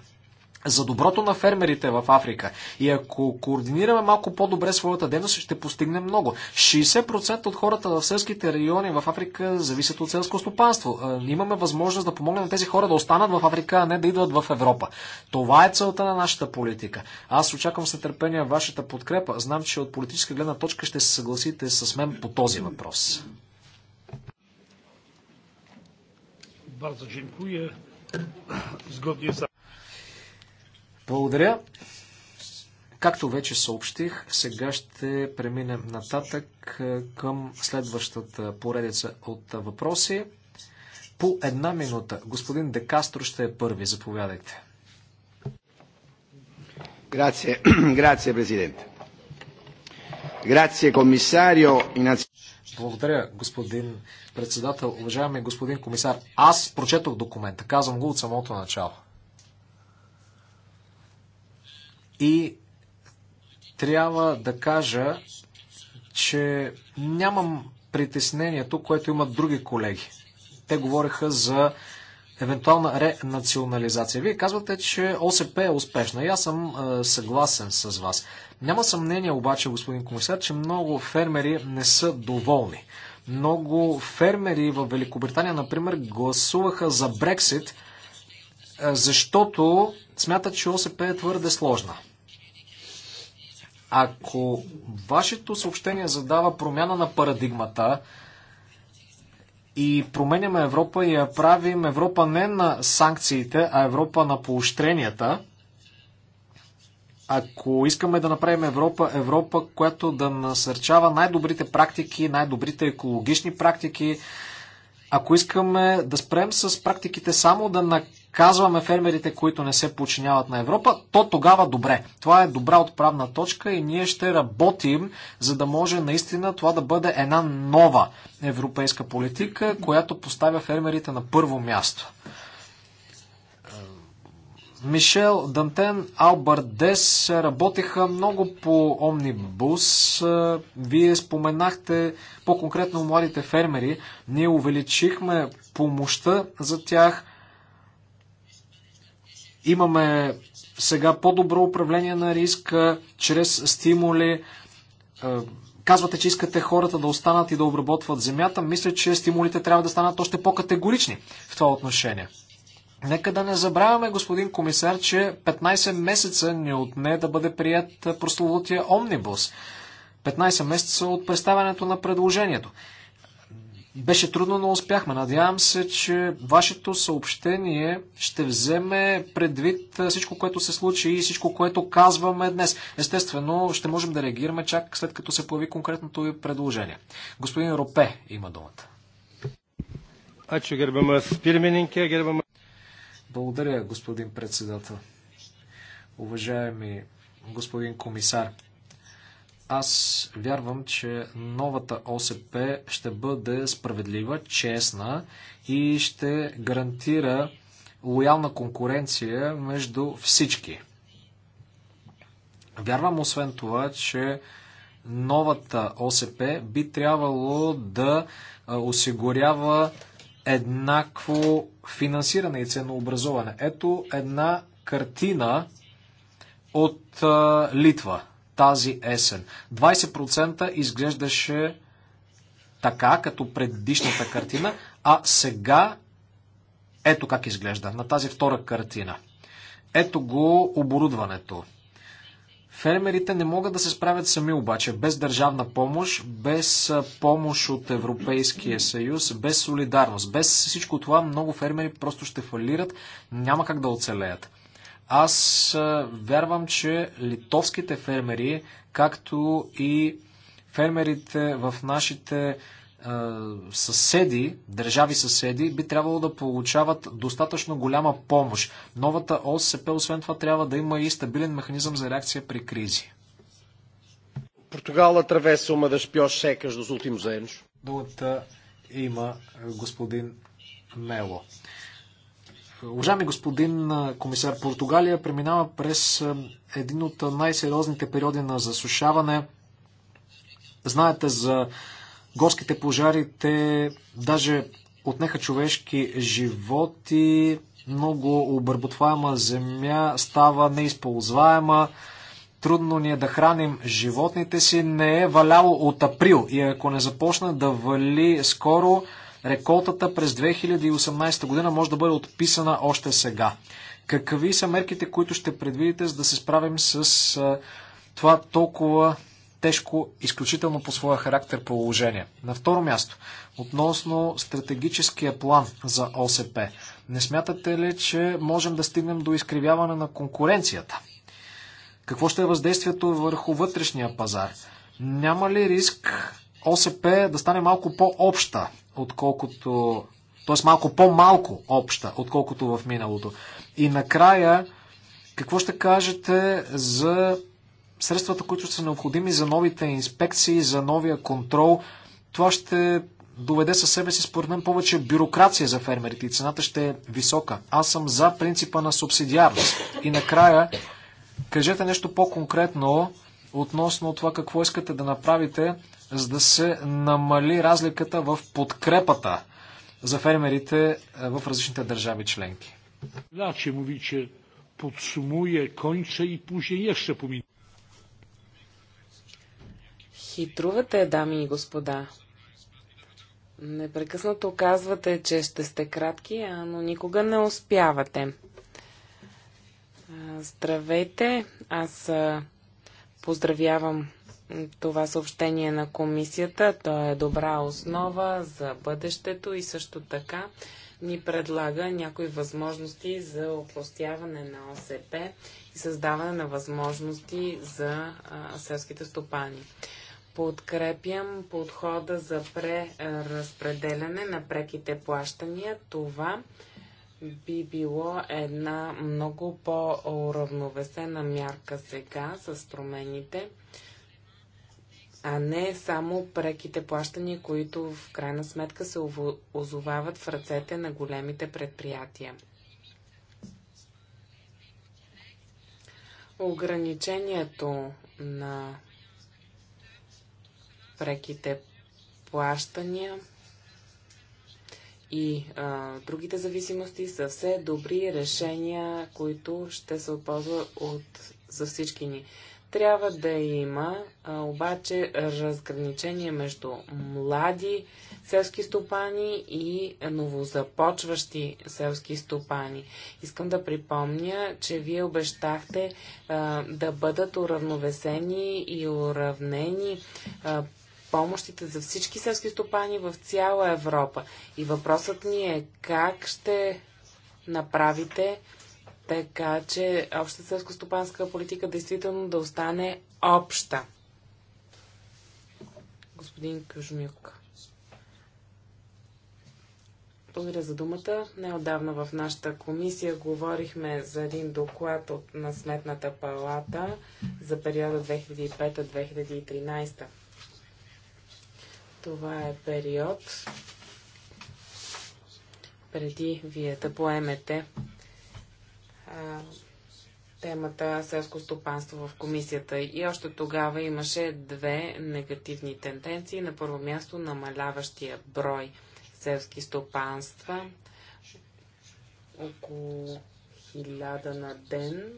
за доброто на фермерите в Африка. И ако координираме малко по-добре своята дейност, ще постигнем много. 60% от хората в селските райони в Африка зависят от селско стопанство. Е, имаме възможност да помогнем на тези хора да останат в Африка, а не да идват в Европа. Това е целта на нашата политика. Аз очаквам с нетърпение вашата подкрепа. Знам, че от политическа гледна точка ще се съгласите с мен по този въпрос. Bardzo dziękuję. Zgodnie z благодаря. Както вече съобщих, сега ще преминем нататък е, към следващата поредица от въпроси. По една минута. Господин Декастро ще е първи. Заповядайте. Грация, грация, президент. Грация, комисарио. Благодаря, господин председател. Уважаеми господин комисар, аз прочетох документа. Казвам го от самото начало. И трябва да кажа, че нямам притеснението, което имат други колеги. Те говориха за евентуална ренационализация. Вие казвате, че ОСП е успешна и аз съм е, съгласен с вас. Няма съмнение обаче, господин комисар, че много фермери не са доволни. Много фермери в Великобритания, например, гласуваха за Брексит, е, защото смятат, че ОСП е твърде сложна. Ако вашето съобщение задава промяна на парадигмата и променяме Европа и я правим Европа не на санкциите, а Европа на поощренията, ако искаме да направим Европа, Европа, която да насърчава най-добрите практики, най-добрите екологични практики, ако искаме да спрем с практиките само да наказваме фермерите, които не се подчиняват на Европа, то тогава добре. Това е добра отправна точка и ние ще работим, за да може наистина това да бъде една нова европейска политика, която поставя фермерите на първо място. Мишел Дантен, Албърт Дес работеха много по Омнибус. Вие споменахте по-конкретно младите фермери. Ние увеличихме помощта за тях. Имаме сега по-добро управление на риска чрез стимули. Казвате, че искате хората да останат и да обработват земята. Мисля, че стимулите трябва да станат още по-категорични в това отношение. Нека да не забравяме, господин комисар, че 15 месеца ни отне да бъде прият прословутия омнибус. 15 месеца от представянето на предложението. Беше трудно, но успяхме. Надявам се, че вашето съобщение ще вземе предвид всичко, което се случи и всичко, което казваме днес. Естествено, ще можем да реагираме чак след като се появи конкретното ви предложение. Господин Ропе има думата. Ačiū gerbiamas pirmininkė, gerbiamas благодаря, господин председател. Уважаеми господин комисар, аз вярвам, че новата ОСП ще бъде справедлива, честна и ще гарантира лоялна конкуренция между всички. Вярвам освен това, че новата ОСП би трябвало да осигурява еднакво финансиране и ценообразуване. Ето една картина от а, Литва тази есен. 20% изглеждаше така, като предишната картина, а сега ето как изглежда на тази втора картина. Ето го оборудването. Фермерите не могат да се справят сами обаче, без държавна помощ, без помощ от Европейския съюз, без солидарност. Без всичко това много фермери просто ще фалират, няма как да оцелеят. Аз вярвам, че литовските фермери, както и фермерите в нашите е, съседи, държави съседи, би трябвало да получават достатъчно голяма помощ. Новата ОСП, освен това, трябва да има и стабилен механизъм за реакция при кризи. Португал atravessa ума да шпиош secas до últimos заедно. Думата има е, господин Мело. Уважаеми господин е, комисар, Португалия преминава през един от най-сериозните периоди на засушаване. Знаете за горските пожарите даже отнеха човешки животи, много обработваема земя става неизползваема, трудно ни е да храним животните си, не е валяло от април и ако не започне да вали скоро, реколтата през 2018 година може да бъде отписана още сега. Какви са мерките, които ще предвидите, за да се справим с това толкова тежко, изключително по своя характер положение. На второ място, относно стратегическия план за ОСП, не смятате ли, че можем да стигнем до изкривяване на конкуренцията? Какво ще е въздействието върху вътрешния пазар? Няма ли риск ОСП да стане малко по-обща, отколкото т.е. малко по-малко обща, отколкото в миналото. И накрая, какво ще кажете за средствата, които са необходими за новите инспекции, за новия контрол, това ще доведе със себе си, според мен, повече бюрокрация за фермерите и цената ще е висока. Аз съм за принципа на субсидиарност. И накрая, кажете нещо по-конкретно относно това какво искате да направите, за да се намали разликата в подкрепата за фермерите е, в различните държави членки. Значи, му подсумуе, конча и пуже, ще помине. Хитрувате, дами и господа. Непрекъснато казвате, че ще сте кратки, а но никога не успявате. Здравейте, аз поздравявам това съобщение на комисията. То е добра основа за бъдещето и също така ни предлага някои възможности за опростяване на ОСП и създаване на възможности за селските стопани подкрепям подхода за преразпределяне на преките плащания. Това би било една много по-уравновесена мярка сега с промените, а не само преките плащания, които в крайна сметка се озовават в ръцете на големите предприятия. Ограничението на преките плащания и а, другите зависимости са все добри решения, които ще се отползват от, за всички ни. Трябва да има а, обаче разграничение между млади селски стопани и новозапочващи селски стопани. Искам да припомня, че вие обещахте а, да бъдат уравновесени и уравнени а, помощите за всички селски стопани в цяла Европа. И въпросът ми е как ще направите така, че обща селско-стопанска политика действително да остане обща. Господин Кюжмюк. Благодаря за думата. Неодавна в нашата комисия говорихме за един доклад от, на Сметната палата за периода 2005-2013. Това е период преди вие да поемете а, темата селско стопанство в комисията. И още тогава имаше две негативни тенденции. На първо място намаляващия брой селски стопанства около хиляда на ден.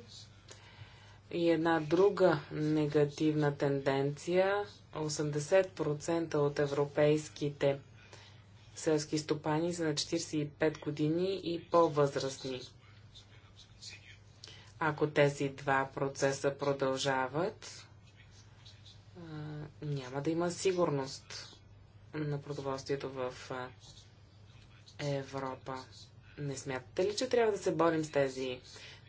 И една друга негативна тенденция 80% от европейските селски стопани са на 45 години и по-възрастни. Ако тези два процеса продължават, няма да има сигурност на продоволствието в Европа. Не смятате ли, че трябва да се борим с тези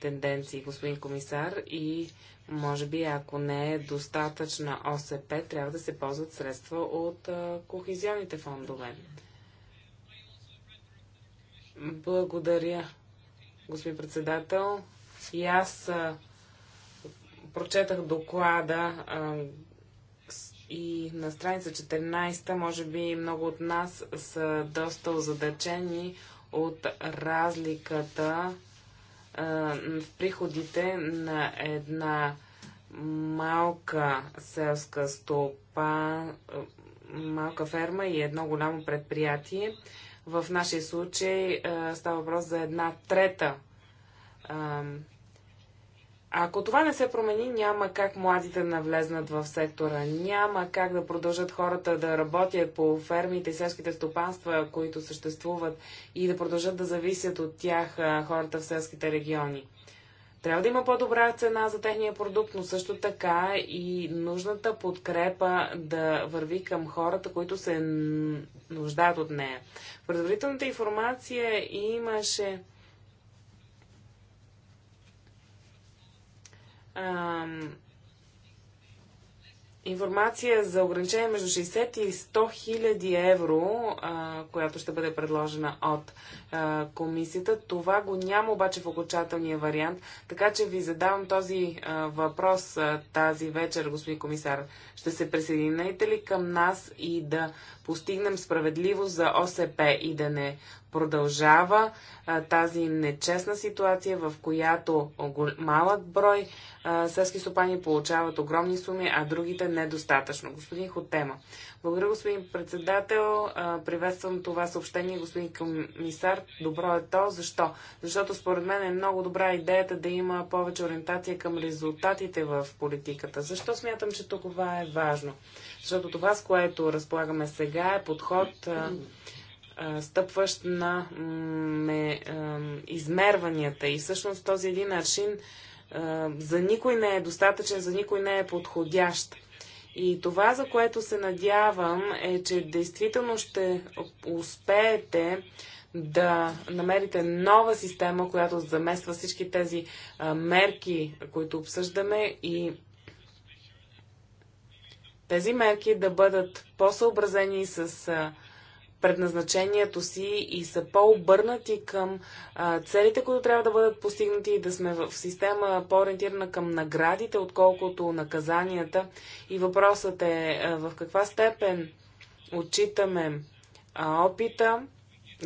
тенденции, господин комисар, и може би, ако не е достатъчна ОСП, трябва да се ползват средства от кохезионните фондове. Благодаря, господин председател. И аз а, прочетах доклада а, и на страница 14, може би много от нас са доста озадачени от разликата в приходите на една малка селска стопа, малка ферма и едно голямо предприятие. В нашия случай става въпрос за една трета ако това не се промени, няма как младите навлезнат в сектора, няма как да продължат хората да работят по фермите и селските стопанства, които съществуват и да продължат да зависят от тях хората в селските региони. Трябва да има по-добра цена за техния продукт, но също така и нужната подкрепа да върви към хората, които се нуждаят от нея. В предварителната информация имаше ам, информация за ограничение между 60 и 100 хиляди евро, а, която ще бъде предложена от комисията. Това го няма обаче в окончателния вариант, така че ви задавам този въпрос тази вечер, господин комисар. Ще се присъединете ли към нас и да постигнем справедливост за ОСП и да не продължава тази нечестна ситуация, в която малък брой селски стопани получават огромни суми, а другите недостатъчно. Господин Хотема. Благодаря, господин председател. приветствам това съобщение, господин комисар. Добро е то. Защо? Защото според мен е много добра идеята да има повече ориентация към резултатите в политиката. Защо смятам, че това е важно? Защото това, с което разполагаме сега, е подход, стъпващ на е, измерванията. И всъщност този един начин за никой не е достатъчен, за никой не е подходящ. И това, за което се надявам, е, че действително ще успеете да намерите нова система, която замества всички тези а, мерки, които обсъждаме и тези мерки да бъдат по-съобразени с а, предназначението си и са по-обърнати към а, целите, които трябва да бъдат постигнати и да сме в система по-ориентирана към наградите, отколкото наказанията. И въпросът е а, в каква степен отчитаме а, опита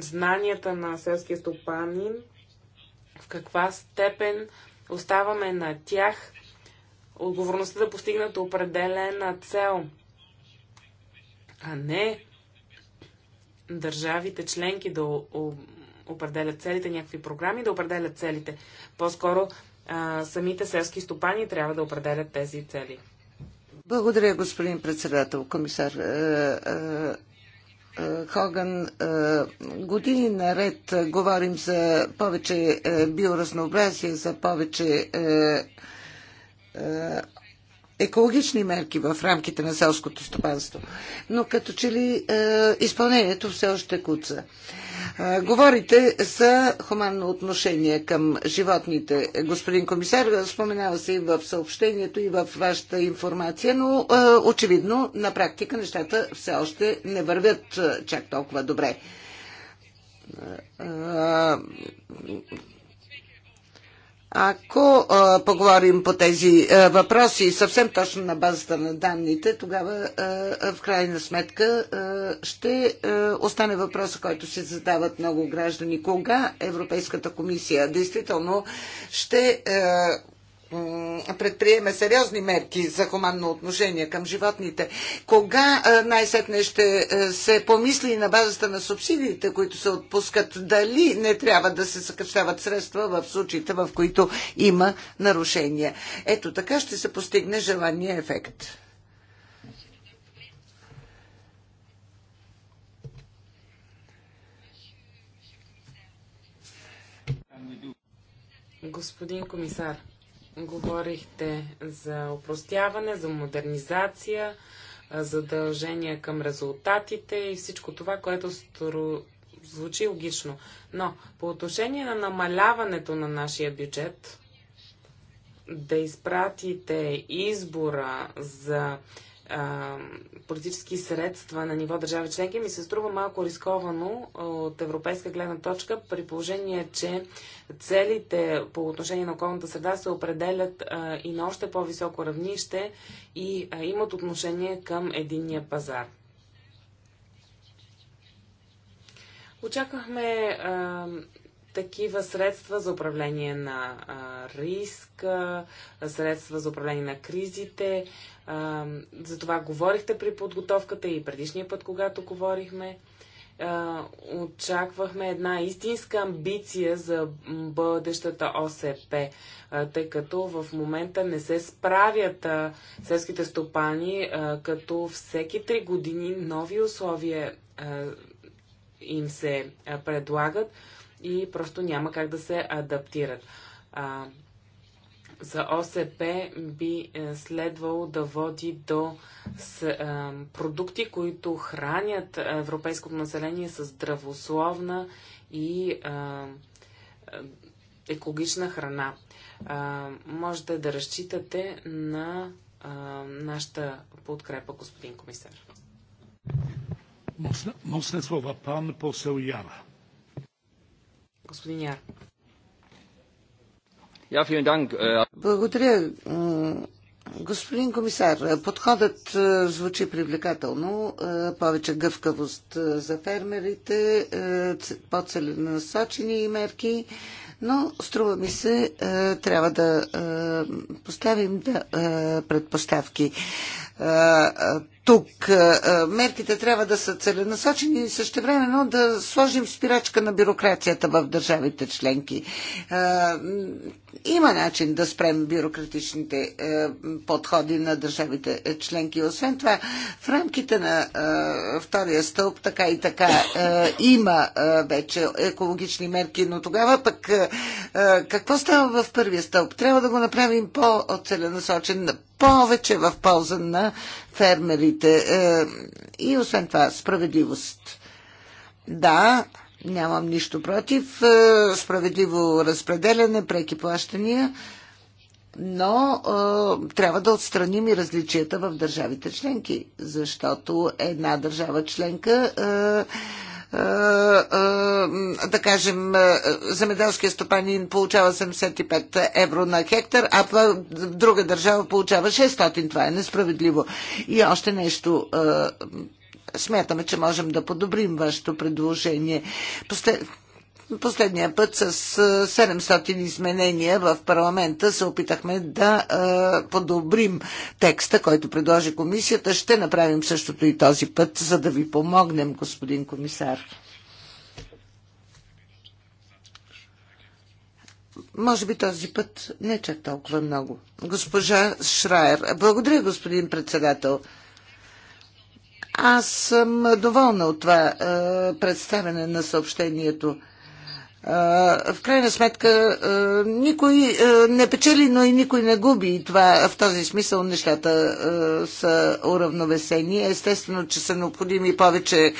знанията на селския стопанин, в каква степен оставаме на тях отговорността да постигнат определена цел, а не държавите членки да определят целите, някакви програми да определят целите. По-скоро самите селски стопани трябва да определят тези цели. Благодаря, господин председател, комисар. Е, е, е, Хоган, е, години наред говорим за повече е, биоразнообразие, за повече екологични мерки в рамките на селското стопанство. Но като че ли е, изпълнението все още куца. Е, говорите за хуманно отношение към животните, господин комисар. Споменава се и в съобщението, и в вашата информация, но е, очевидно на практика нещата все още не вървят е, чак толкова добре е, е, ако а, поговорим по тези а, въпроси съвсем точно на базата на данните, тогава а, в крайна сметка а, ще а, остане въпроса, който се задават много граждани. Кога Европейската комисия действително ще а, предприеме сериозни мерки за хуманно отношение към животните, кога най-сетне ще се помисли на базата на субсидиите, които се отпускат, дали не трябва да се съкръщават средства в случаите, в които има нарушения. Ето така ще се постигне желания ефект. Господин комисар, Говорихте за упростяване, за модернизация, задължения към резултатите и всичко това, което стру... звучи логично. Но по отношение на намаляването на нашия бюджет, да изпратите избора за политически средства на ниво държави членки ми се струва малко рисковано от европейска гледна точка, при положение, че целите по отношение на околната среда се определят и на още по-високо равнище и имат отношение към единния пазар. Очаквахме такива средства за управление на риска, средства за управление на кризите за това говорихте при подготовката и предишния път, когато говорихме. А, очаквахме една истинска амбиция за бъдещата ОСП, а, тъй като в момента не се справят а, селските стопани, а, като всеки три години нови условия а, им се а, предлагат и просто няма как да се адаптират. А, за ОСП би е, следвало да води до с, е, продукти, които хранят е, европейското население с здравословна и екологична храна. А, можете да разчитате на нашата подкрепа, господин комисар. Mocne, слова, пан посел Яра. Господин Яра. Äh, Благодаря, господин комисар. Подходът е, звучи привлекателно. Е, повече гъвкавост е, за фермерите, по-целенасочени мерки, но струва ми се, трябва да поставим предпоставки тук. Мерките трябва да са целенасочени и същевременно да сложим спирачка на бюрокрацията в държавите членки. Има начин да спрем бюрократичните подходи на държавите членки. Освен това, в рамките на втория стълб така и така има вече екологични мерки, но тогава пък какво става в първия стълб? Трябва да го направим по-целенасочен, повече в полза на фермерите е, и освен това справедливост. Да, нямам нищо против. Е, справедливо разпределяне, преки плащания, но е, трябва да отстраним и различията в държавите членки, защото една държава членка да кажем, земеделския стопанин получава 75 евро на хектар, а в друга държава получава 600. Това е несправедливо. И още нещо смятаме, че можем да подобрим вашето предложение. Последния път с 700 изменения в парламента се опитахме да подобрим текста, който предложи комисията. Ще направим същото и този път, за да ви помогнем, господин комисар. Може би този път не чак толкова много. Госпожа Шраер. Благодаря, господин председател. Аз съм доволна от това е, представяне на съобщението в крайна сметка никой не печели, но и никой не губи. И това, в този смисъл нещата са уравновесени. Естествено, че са необходими повече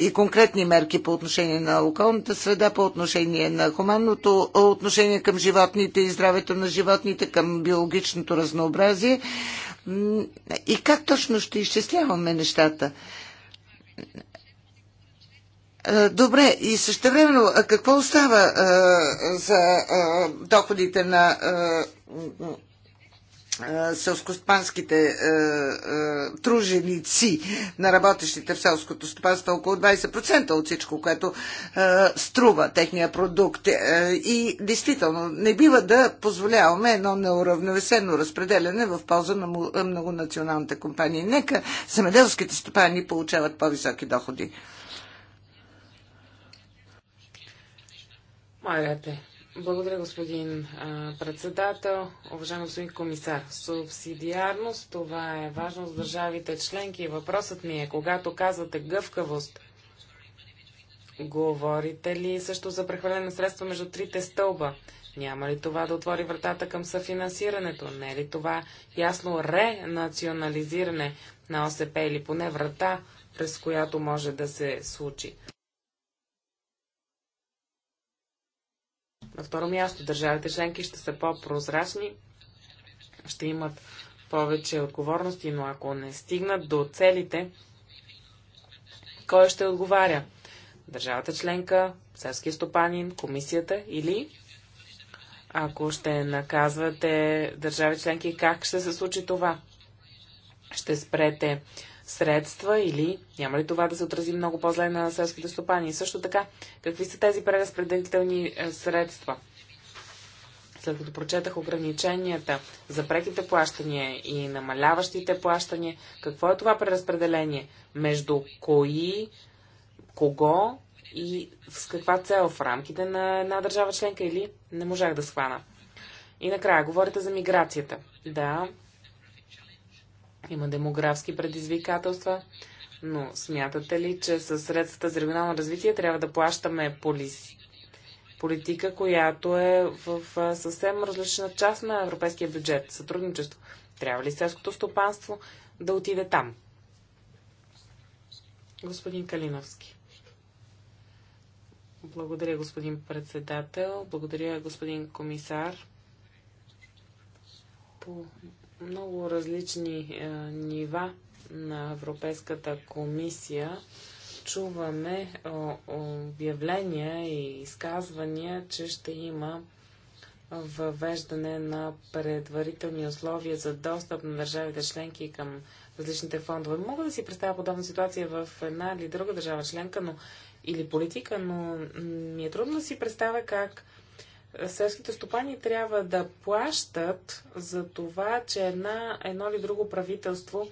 и конкретни мерки по отношение на околната среда, по отношение на хуманното отношение към животните и здравето на животните, към биологичното разнообразие. И как точно ще изчисляваме нещата? Добре, и същевременно, какво остава за доходите на селскостопанските труженици на работещите в селското стопанство около 20% от всичко, което струва техния продукт. И действително не бива да позволяваме едно неуравновесено разпределяне в полза на многонационалните компании. Нека земеделските стопани получават по-високи доходи. Моя Благодаря, господин а, председател. уважаем господин комисар, субсидиарност, това е важно с държавите членки. Въпросът ми е, когато казвате гъвкавост, говорите ли също за прехвърляне на средства между трите стълба? Няма ли това да отвори вратата към съфинансирането? Не е ли това ясно ренационализиране на ОСП или поне врата, през която може да се случи? На второ място, държавите членки ще са по-прозрачни, ще имат повече отговорности, но ако не стигнат до целите, кой ще отговаря? Държавата членка, селския стопанин, комисията или ако ще наказвате държави членки, как ще се случи това? Ще спрете средства или няма ли това да се отрази много по-зле на селските стопани? И също така, какви са тези преразпределителни е, средства? След като прочетах ограниченията за преките плащания и намаляващите плащания, какво е това преразпределение? Между кои, кого и с каква цел в рамките на една държава членка или не можах да схвана. И накрая, говорите за миграцията. Да, има демографски предизвикателства, но смятате ли, че със средствата за регионално развитие трябва да плащаме полис... политика, която е в съвсем различна част на европейския бюджет, сътрудничество? Трябва ли селското стопанство да отиде там? Господин Калиновски. Благодаря, господин председател. Благодаря, господин комисар. По много различни е, нива на Европейската комисия чуваме е, обявления и изказвания, че ще има въвеждане на предварителни условия за достъп на държавите членки към различните фондове. Мога да си представя подобна ситуация в една или друга държава членка но, или политика, но ми е трудно да си представя как селските стопани трябва да плащат за това, че една, едно или друго правителство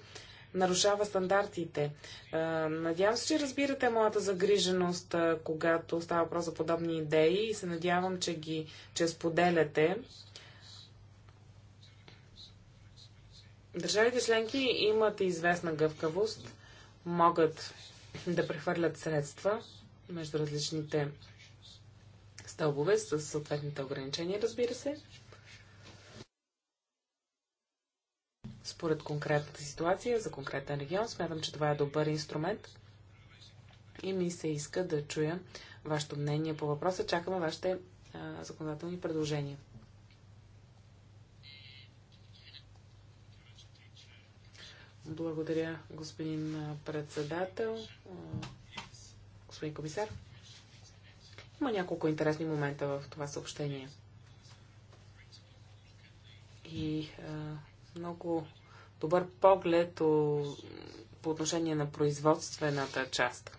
нарушава стандартите. Надявам се, че разбирате моята загриженост, когато става въпрос за подобни идеи и се надявам, че ги че споделяте. Държавите членки имат известна гъвкавост, могат да прехвърлят средства между различните стълбове с съответните ограничения, разбира се. Според конкретната ситуация за конкретен регион, смятам, че това е добър инструмент и ми се иска да чуя вашето мнение по въпроса. Чакаме вашите а, законодателни предложения. Благодаря, господин председател, господин комисар. Има няколко интересни момента в това съобщение. И а, много добър поглед о, по отношение на производствената част.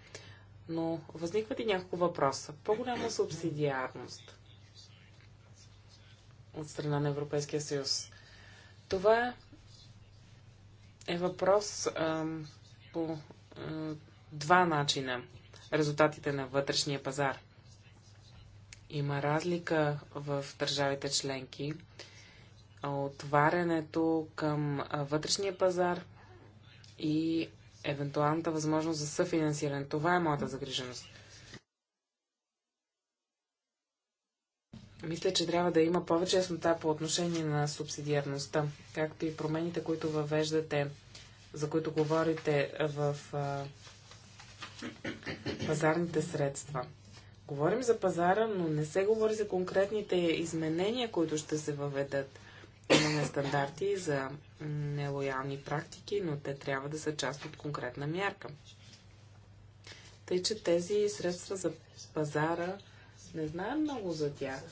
Но възникват и няколко въпроса. По-голяма субсидиарност от страна на Европейския съюз. Това е въпрос а, по а, два начина. Резултатите на вътрешния пазар има разлика в държавите членки. Отварянето към вътрешния пазар и евентуалната възможност за съфинансиране. Това е моята загриженост. Мисля, че трябва да има повече яснота по отношение на субсидиарността, както и промените, които въвеждате, за които говорите в а, пазарните средства. Говорим за пазара, но не се говори за конкретните изменения, които ще се въведат. Имаме стандарти за нелоялни практики, но те трябва да са част от конкретна мярка. Тъй, че тези средства за пазара, не знаем много за тях.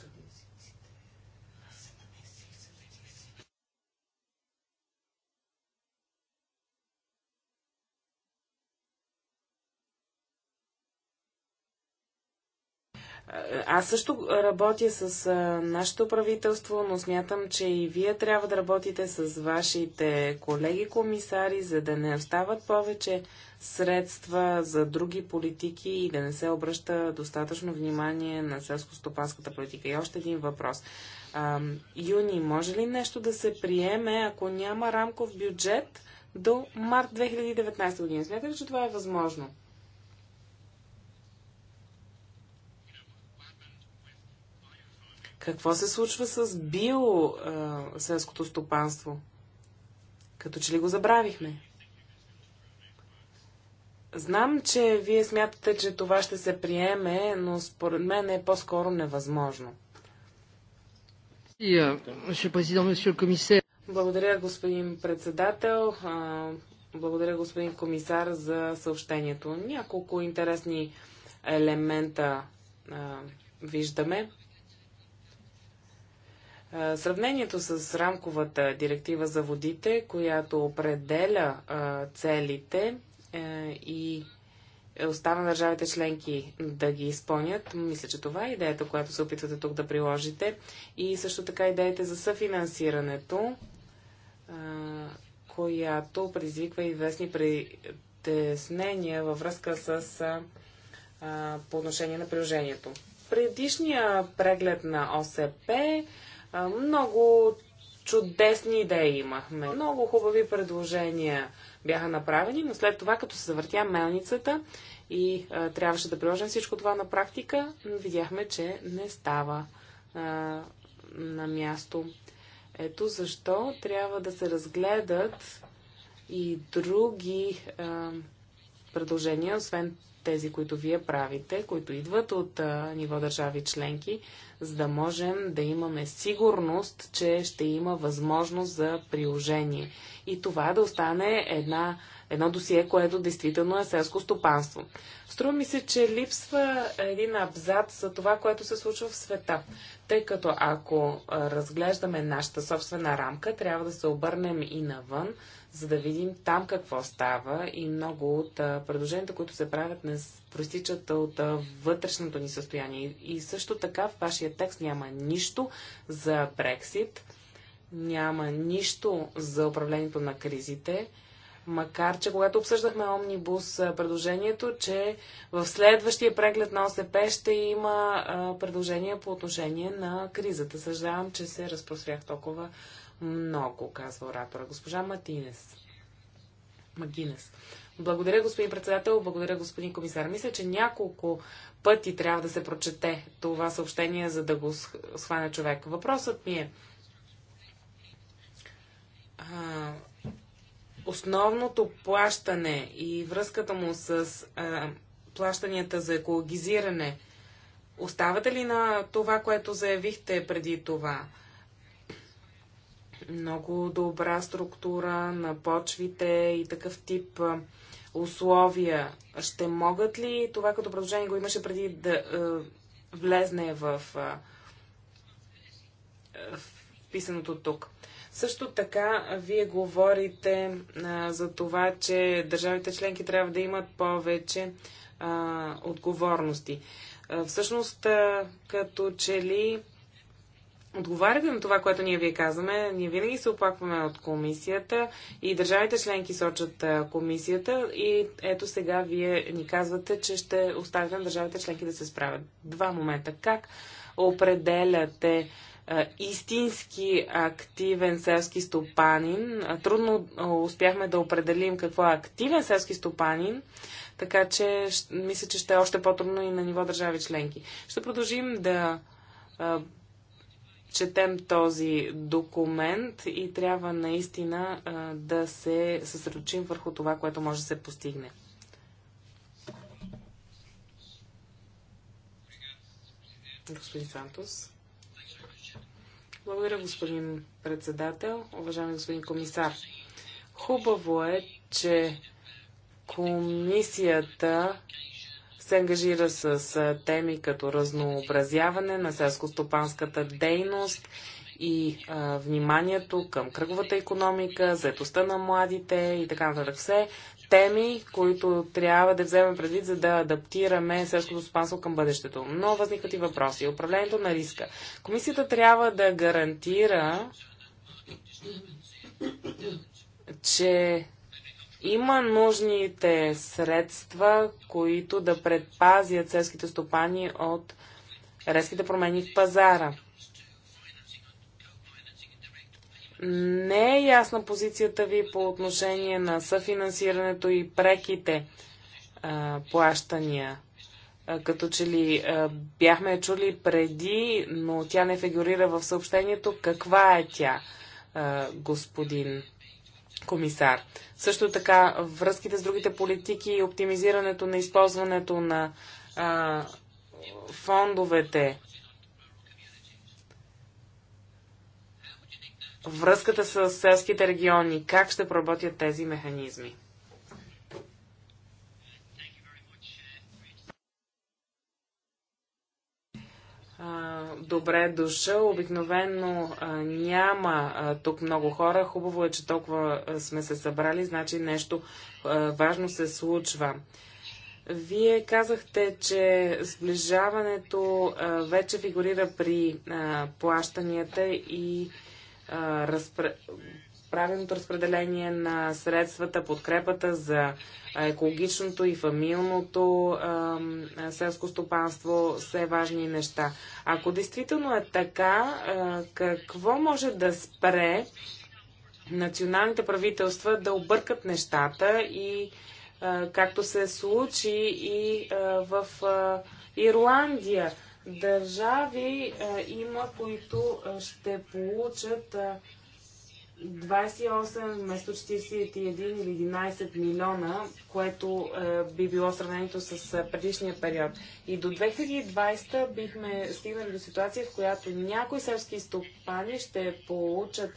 Аз също работя с нашето правителство, но смятам, че и вие трябва да работите с вашите колеги комисари, за да не остават повече средства за други политики и да не се обръща достатъчно внимание на селско-стопанската политика. И още един въпрос. А, юни, може ли нещо да се приеме, ако няма рамков бюджет до март 2019 година? Смятате ли, че това е възможно? Какво се случва с био а, селското стопанство? Като че ли го забравихме? Знам, че вие смятате, че това ще се приеме, но според мен е по-скоро невъзможно. Е, благодаря, господин председател. Благодаря, господин комисар, за съобщението. Няколко интересни елемента виждаме. Е, сравнението с рамковата директива за водите, която определя е, целите е, и остава на държавите членки да ги изпълнят. Мисля, че това е идеята, която се опитвате тук да приложите. И също така идеите за съфинансирането, която предизвиква известни притеснения във връзка с по отношение на приложението. Предишния преглед на ОСП много чудесни идеи имахме. Много хубави предложения бяха направени, но след това, като се завъртя мелницата и а, трябваше да приложим всичко това на практика, видяхме, че не става а, на място. Ето защо трябва да се разгледат и други а, предложения, освен тези, които вие правите, които идват от а, ниво държави членки, за да можем да имаме сигурност, че ще има възможност за приложение. И това да остане една, едно досие, което действително е селско стопанство. Струва ми се, че липсва един абзац за това, което се случва в света. Тъй като ако разглеждаме нашата собствена рамка, трябва да се обърнем и навън, за да видим там какво става и много от предложенията, които се правят, не проистичат от вътрешното ни състояние. И също така в вашия текст няма нищо за Брексит, няма нищо за управлението на кризите, макар че когато обсъждахме Омнибус предложението, че в следващия преглед на ОСП ще има предложение по отношение на кризата. Съжалявам, че се разпрострях толкова много, казва оратора. Госпожа Матинес. Магинес. Благодаря, господин председател, благодаря, господин комисар. Мисля, че няколко пъти трябва да се прочете това съобщение, за да го схване човек. Въпросът ми е. А, основното плащане и връзката му с а, плащанията за екологизиране оставате ли на това, което заявихте преди това? много добра структура на почвите и такъв тип условия. Ще могат ли, това като предложение го имаше преди да е, влезне в, е, в писаното тук. Също така, вие говорите е, за това, че държавите членки трябва да имат повече е, отговорности. Е, всъщност, е, като че ли отговаряте на това, което ние вие казваме. Ние винаги се оплакваме от комисията и държавите членки сочат комисията и ето сега вие ни казвате, че ще оставите на държавите членки да се справят. Два момента. Как определяте истински активен селски стопанин. Трудно успяхме да определим какво е активен селски стопанин, така че мисля, че ще е още по-трудно и на ниво държави членки. Ще продължим да четем този документ и трябва наистина да се съсредоточим върху това, което може да се постигне. Господин Сантос. Благодаря, господин председател, уважаеми господин комисар. Хубаво е, че комисията се ангажира с теми като разнообразяване на селско-стопанската дейност и а, вниманието към кръговата економика, заетостта на младите и така нататък. Все теми, които трябва да вземем предвид, за да адаптираме селското стопанство към бъдещето. Но възникват и въпроси. Управлението на риска. Комисията трябва да гарантира, че има нужните средства, които да предпазят селските стопани от резките промени в пазара. Не е ясна позицията ви по отношение на съфинансирането и преките а, плащания. А, като че ли а, бяхме чули преди, но тя не фигурира в съобщението, каква е тя, а, господин комисар. Също така връзките с другите политики и оптимизирането на използването на а, фондовете, връзката с селските региони, как ще проработят тези механизми. добре дошъл. Обикновено а, няма а, тук много хора. Хубаво е, че толкова сме се събрали, значи нещо важно се случва. Вие казахте, че сближаването вече фигурира при плащанията и разпре правилното разпределение на средствата, подкрепата за екологичното и фамилното селско стопанство са важни неща. Ако действително е така, какво може да спре националните правителства да объркат нещата и както се случи и в Ирландия? държави има, които ще получат а, 28 вместо 41 или 11 милиона, което е, би било сравнението с е, предишния период. И до 2020 бихме стигнали до ситуация, в която някои сърски стопани ще получат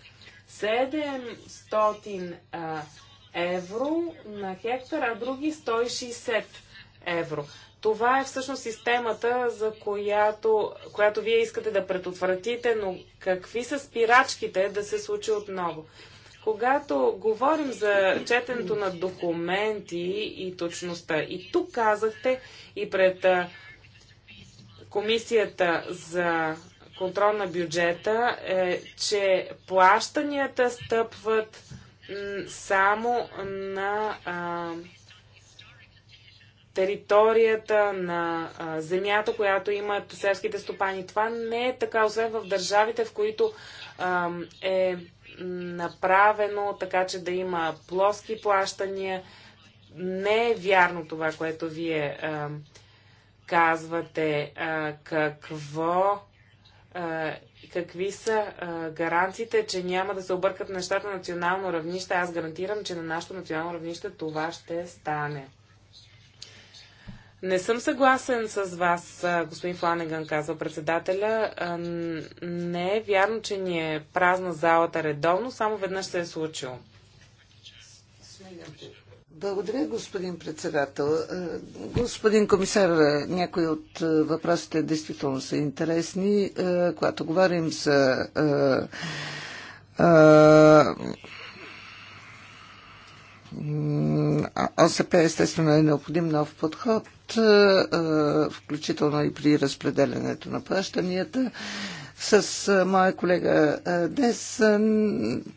700 е, евро на хектар, а други 160 евро. Това е всъщност системата, за която, която вие искате да предотвратите, но какви са спирачките да се случи отново? Когато говорим за четенето на документи и точността, и тук казахте и пред комисията за контрол на бюджета, е, че плащанията стъпват само на а, територията, на а, земята, която имат селските стопани. Това не е така, освен в държавите, в които а, е направено така, че да има плоски плащания. Не е вярно това, което вие а, казвате. А, какво какви са гаранциите, че няма да се объркат нещата на национално равнище. Аз гарантирам, че на нашето национално равнище това ще стане. Не съм съгласен с вас, господин Фланеган, казва председателя. Не е вярно, че ни е празна залата редовно, само веднъж се е случило. Благодаря, господин председател. Господин комисар, някои от въпросите действително са интересни. Когато говорим за ОСП естествено е необходим нов подход, е, е, включително и при разпределянето на плащанията. С е, моя колега Дес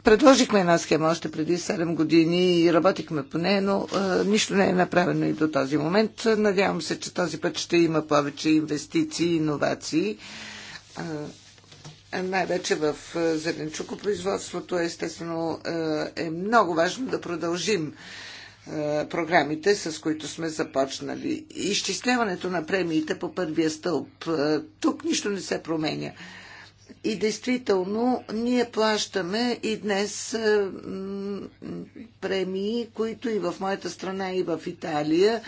предложихме една схема още преди 7 години и работихме по нея, но нищо не е направено и до този момент. Надявам се, че този път ще има повече инвестиции и иновации най-вече в е, зеленчукопроизводството, естествено е, е много важно да продължим е, програмите, с които сме започнали. Изчисляването на премиите по първия стълб. Тук нищо не се променя. И действително, ние плащаме и днес премии, които и в моята страна, и в Италия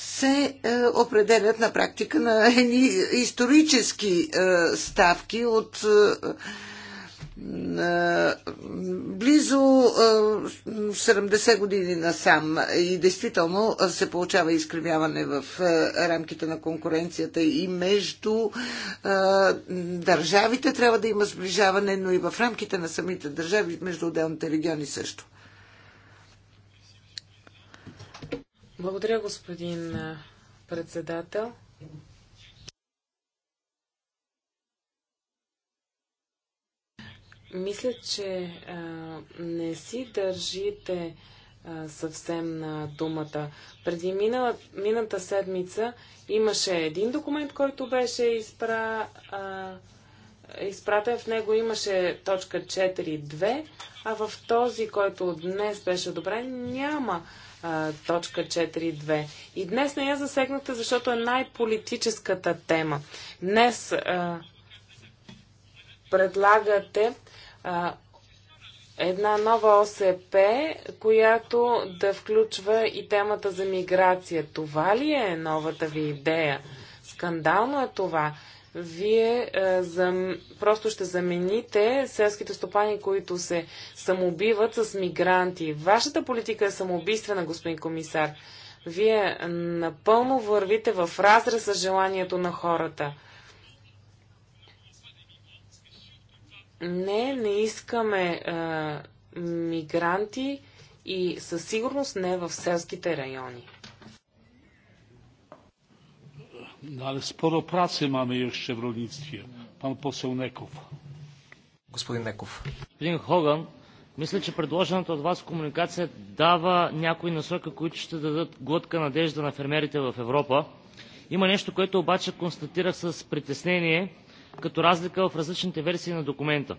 се е, определят на практика на едни исторически е, ставки от е, е близо 70 е, години насам и действително се получава изкривяване в е, рамките на конкуренцията и между държавите трябва да има сближаване, но и в рамките на самите държави между отделните региони също. Благодаря, господин председател. Мисля, че а, не си държите а, съвсем на думата. Преди минала, мината седмица имаше един документ, който беше изпра, а, изпратен. В него имаше точка 4.2, а в този, който днес беше одобрен, няма точка 4.2. И днес не я засегнахте, защото е най-политическата тема. Днес а, предлагате а, една нова ОСП, която да включва и темата за миграция. Това ли е новата ви идея? Скандално е това вие а, е, зам... просто ще замените селските стопани, които се самоубиват с мигранти. Вашата политика е самоубийствена, господин комисар. Вие напълно вървите в разрез с желанието на хората. Не, не искаме а, е, мигранти и със сигурност не в селските райони. No ale sporo pracy mamy jeszcze w rolnictwie. Pan poseł Nekow. Господин Неков. Господин Хоган, мисля, че предложената от вас комуникация дава някои насоки, които ще дадат глътка надежда на фермерите в Европа. Има нещо, което обаче констатирах с притеснение, като разлика в различните версии на документа.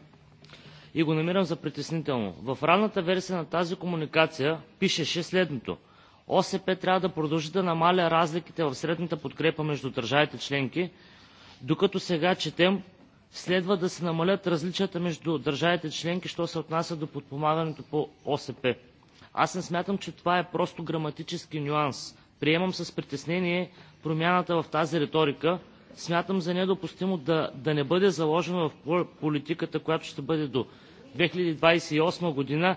И го намирам за притеснително. В ранната версия на тази комуникация пишеше следното – ОСП трябва да продължи да намаля разликите в средната подкрепа между държавите членки, докато сега четем, следва да се намалят различията между държавите членки, що се отнася до подпомагането по ОСП. Аз не смятам, че това е просто граматически нюанс. Приемам с притеснение промяната в тази риторика. Смятам за недопустимо да, да не бъде заложено в политиката, която ще бъде до 2028 година,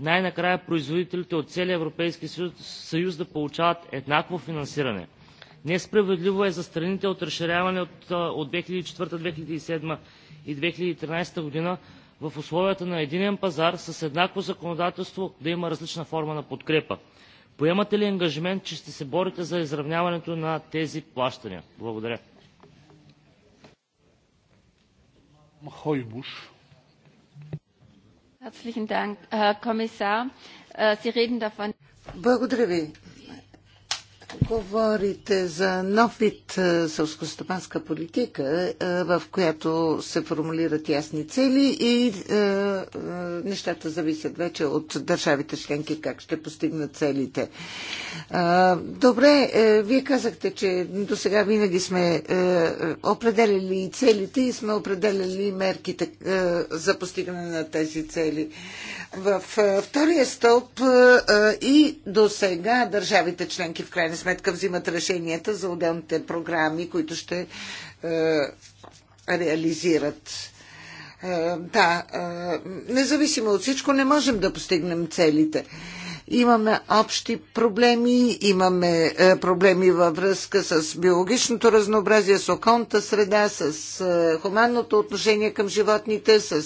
най-накрая производителите от целия Европейски съюз да получават еднакво финансиране. Несправедливо е за страните от разширяване от 2004, 2007 и 2013 година в условията на единен пазар с еднакво законодателство да има различна форма на подкрепа. Поемате ли ангажимент, че ще се борите за изравняването на тези плащания? Благодаря. Хойбуш. Äh, Благодаря ви, Говорите за нов вид е, сълскостопанска политика, е, в която се формулират ясни цели и е, нещата зависят вече от държавите членки как ще постигнат целите. Добре, вие казахте, че до сега винаги сме определяли и целите и сме определяли мерките за постигане на тези цели в е, втория стълб е, е, и до сега държавите членки в крайна сметка взимат решенията за отделните програми, които ще реализират. Да, независимо от всичко не можем да постигнем целите имаме общи проблеми, имаме проблеми във връзка с биологичното разнообразие, с околната среда, с хуманното отношение към животните, с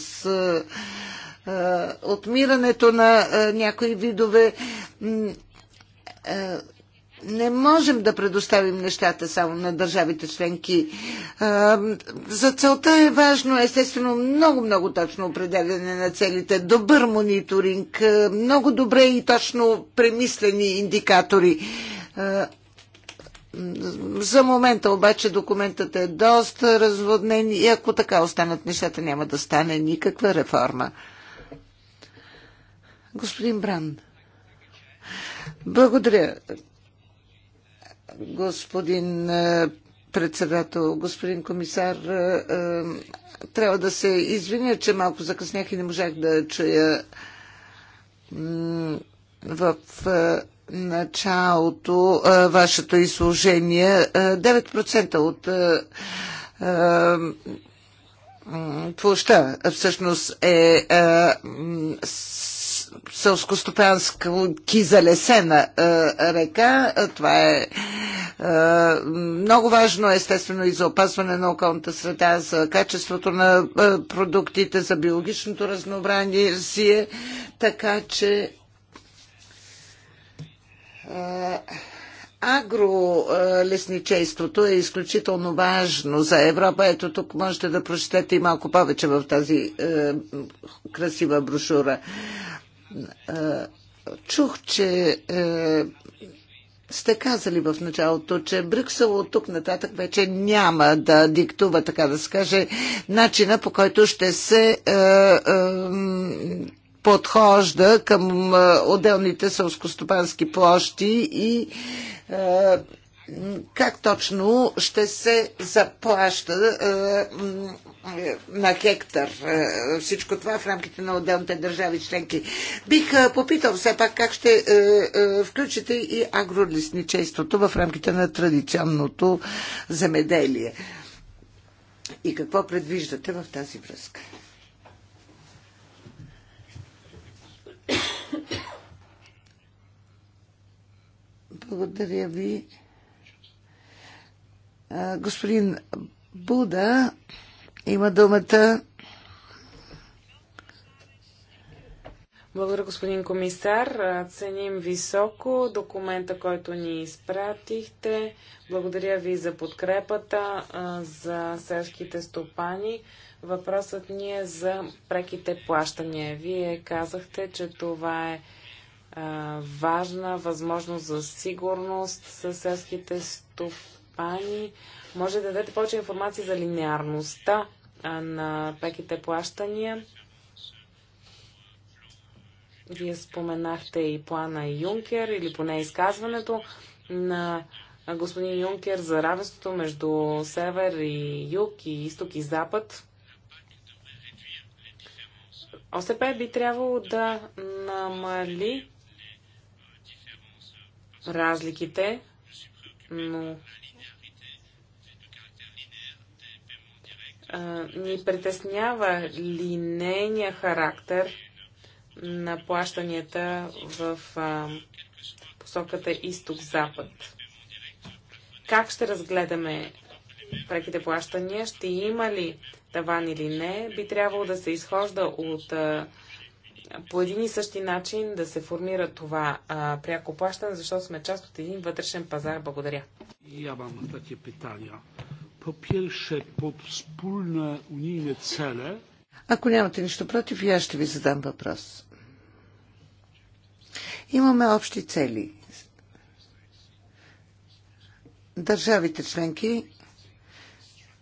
отмирането на някои видове. Не можем да предоставим нещата само на държавите членки. За целта е важно, естествено, много-много точно определене на целите, добър мониторинг, много добре и точно премислени индикатори. За момента обаче документът е доста разводнен и ако така останат нещата, няма да стане никаква реформа. Господин Бран. Благодаря, господин е, председател, господин комисар. Е, е, трябва да се извиня, че малко закъснях и не можах да чуя в началото вашето изложение. 9% от площа всъщност е селскостопански залесена е, река. Е, това е, е, много важно, естествено, и за опазване на околната среда, за качеството на е, продуктите, за биологичното разнообразие. Така че агролесничейството е изключително важно за Европа. Ето тук можете да прочетете и малко повече в тази е, красива брошура. Чух, че е, сте казали в началото, че Брюксел от тук нататък вече няма да диктува, така да се каже, начина по който ще се е, е, подхожда към е, отделните сълско-стопански площи и е, как точно ще се заплаща е, на хектар е, всичко това в рамките на отделните държави членки. Бих е, попитал все пак как ще включите и агролесничеството в рамките на традиционното земеделие. И какво предвиждате в тази връзка? Благодаря ви. Господин Буда има думата. Благодаря, господин комисар. Ценим високо документа, който ни изпратихте. Благодаря ви за подкрепата за селските стопани. Въпросът ни е за преките плащания. Вие казахте, че това е важна възможност за сигурност със селските стопани компании. Може да дадете повече информация за линеарността на преките плащания. Вие споменахте и плана Юнкер, или поне изказването на господин Юнкер за равенството между север и юг и изток и запад. ОСП би трябвало да намали разликите, но ни притеснява линейния характер на плащанията в а, посоката изток-запад. Как ще разгледаме преките плащания? Ще има ли таван или не? Би трябвало да се изхожда от а, по един и същи начин да се формира това а, пряко плащане, защото сме част от един вътрешен пазар. Благодаря. Я вам такива питания. Po pierwsze, po wspólne unijne cele. Ако нямате нищо против, я аз ще ви задам въпрос. Имаме общи цели. Държавите членки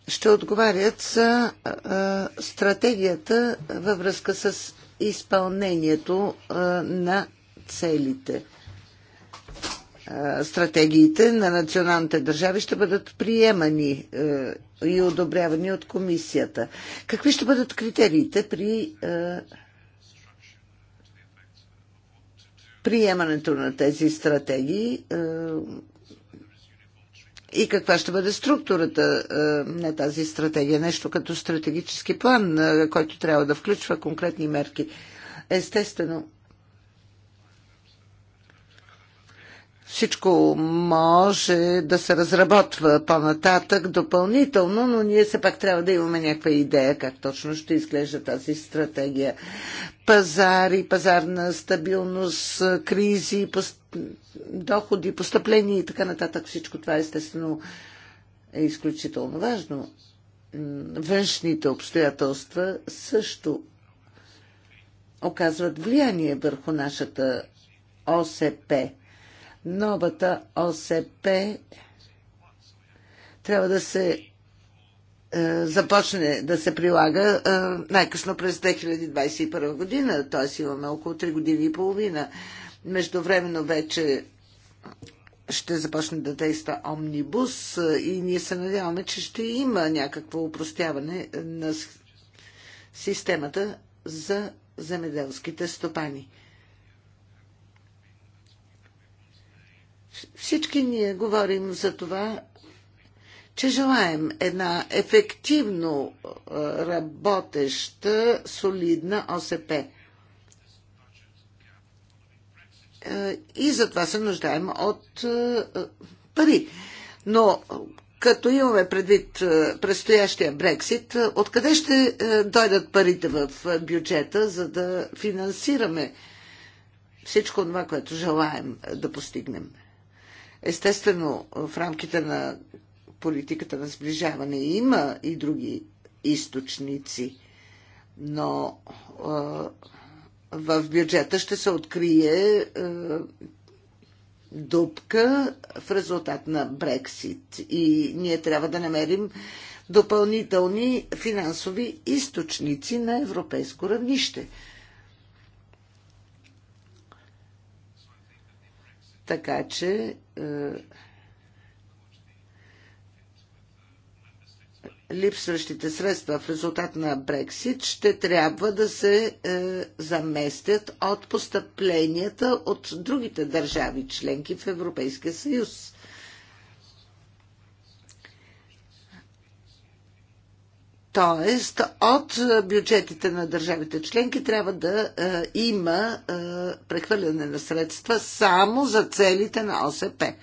ще отговарят за а, стратегията във връзка с изпълнението а, на целите стратегиите на националните държави ще бъдат приемани е, и одобрявани от комисията. Какви ще бъдат критериите при е, приемането на тези стратегии е, и каква ще бъде структурата на тази стратегия? Нещо като стратегически план, който трябва да включва конкретни мерки. Естествено, Всичко може да се разработва по-нататък допълнително, но ние все пак трябва да имаме някаква идея как точно ще изглежда тази стратегия. Пазари, пазарна стабилност, кризи, доходи, постъпления и така нататък. Всичко това естествено е изключително важно. Външните обстоятелства също оказват влияние върху нашата ОСП новата ОСП трябва да се е, започне да се прилага е, най-късно през 2021 година, т.е. имаме около 3 години и половина. Междувременно вече ще започне да действа омнибус е, и ние се надяваме, че ще има някакво упростяване на системата за земеделските стопани. Всички ние говорим за това, че желаем една ефективно работеща, солидна ОСП. И затова се нуждаем от пари. Но като имаме предвид предстоящия Брексит, откъде ще дойдат парите в бюджета, за да финансираме всичко това, което желаем да постигнем? Естествено, в рамките на политиката на сближаване има и други източници, но в бюджета ще се открие дупка в резултат на Брексит и ние трябва да намерим допълнителни финансови източници на европейско равнище. Така че е, липсващите средства в резултат на Брексит ще трябва да се е, заместят от постъпленията от другите държави членки в Европейския съюз. Тоест, от бюджетите на държавите членки трябва да е, има е, прехвърляне на средства само за целите на ОСП.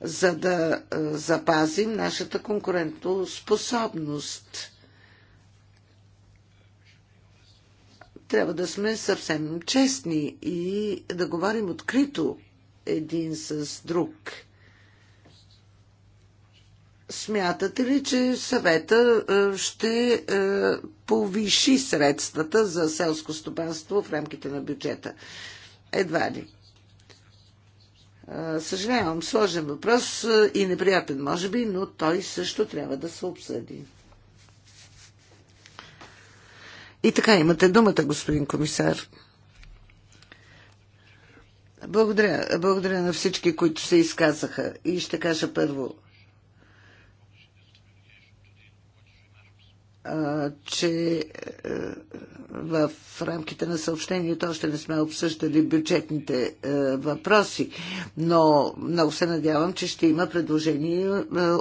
За да е, запазим нашата конкурентоспособност. Трябва да сме съвсем честни и да говорим открито един с друг – Смятате ли, че съвета е, ще е, повиши средствата за селско стопанство в рамките на бюджета? Едва ли. Е, съжалявам, сложен въпрос и неприятен, може би, но той също трябва да се обсъди. И така, имате думата, господин комисар. Благодаря. Благодаря на всички, които се изказаха. И ще кажа първо че в рамките на съобщението още не сме обсъждали бюджетните въпроси, но много се надявам, че ще има предложение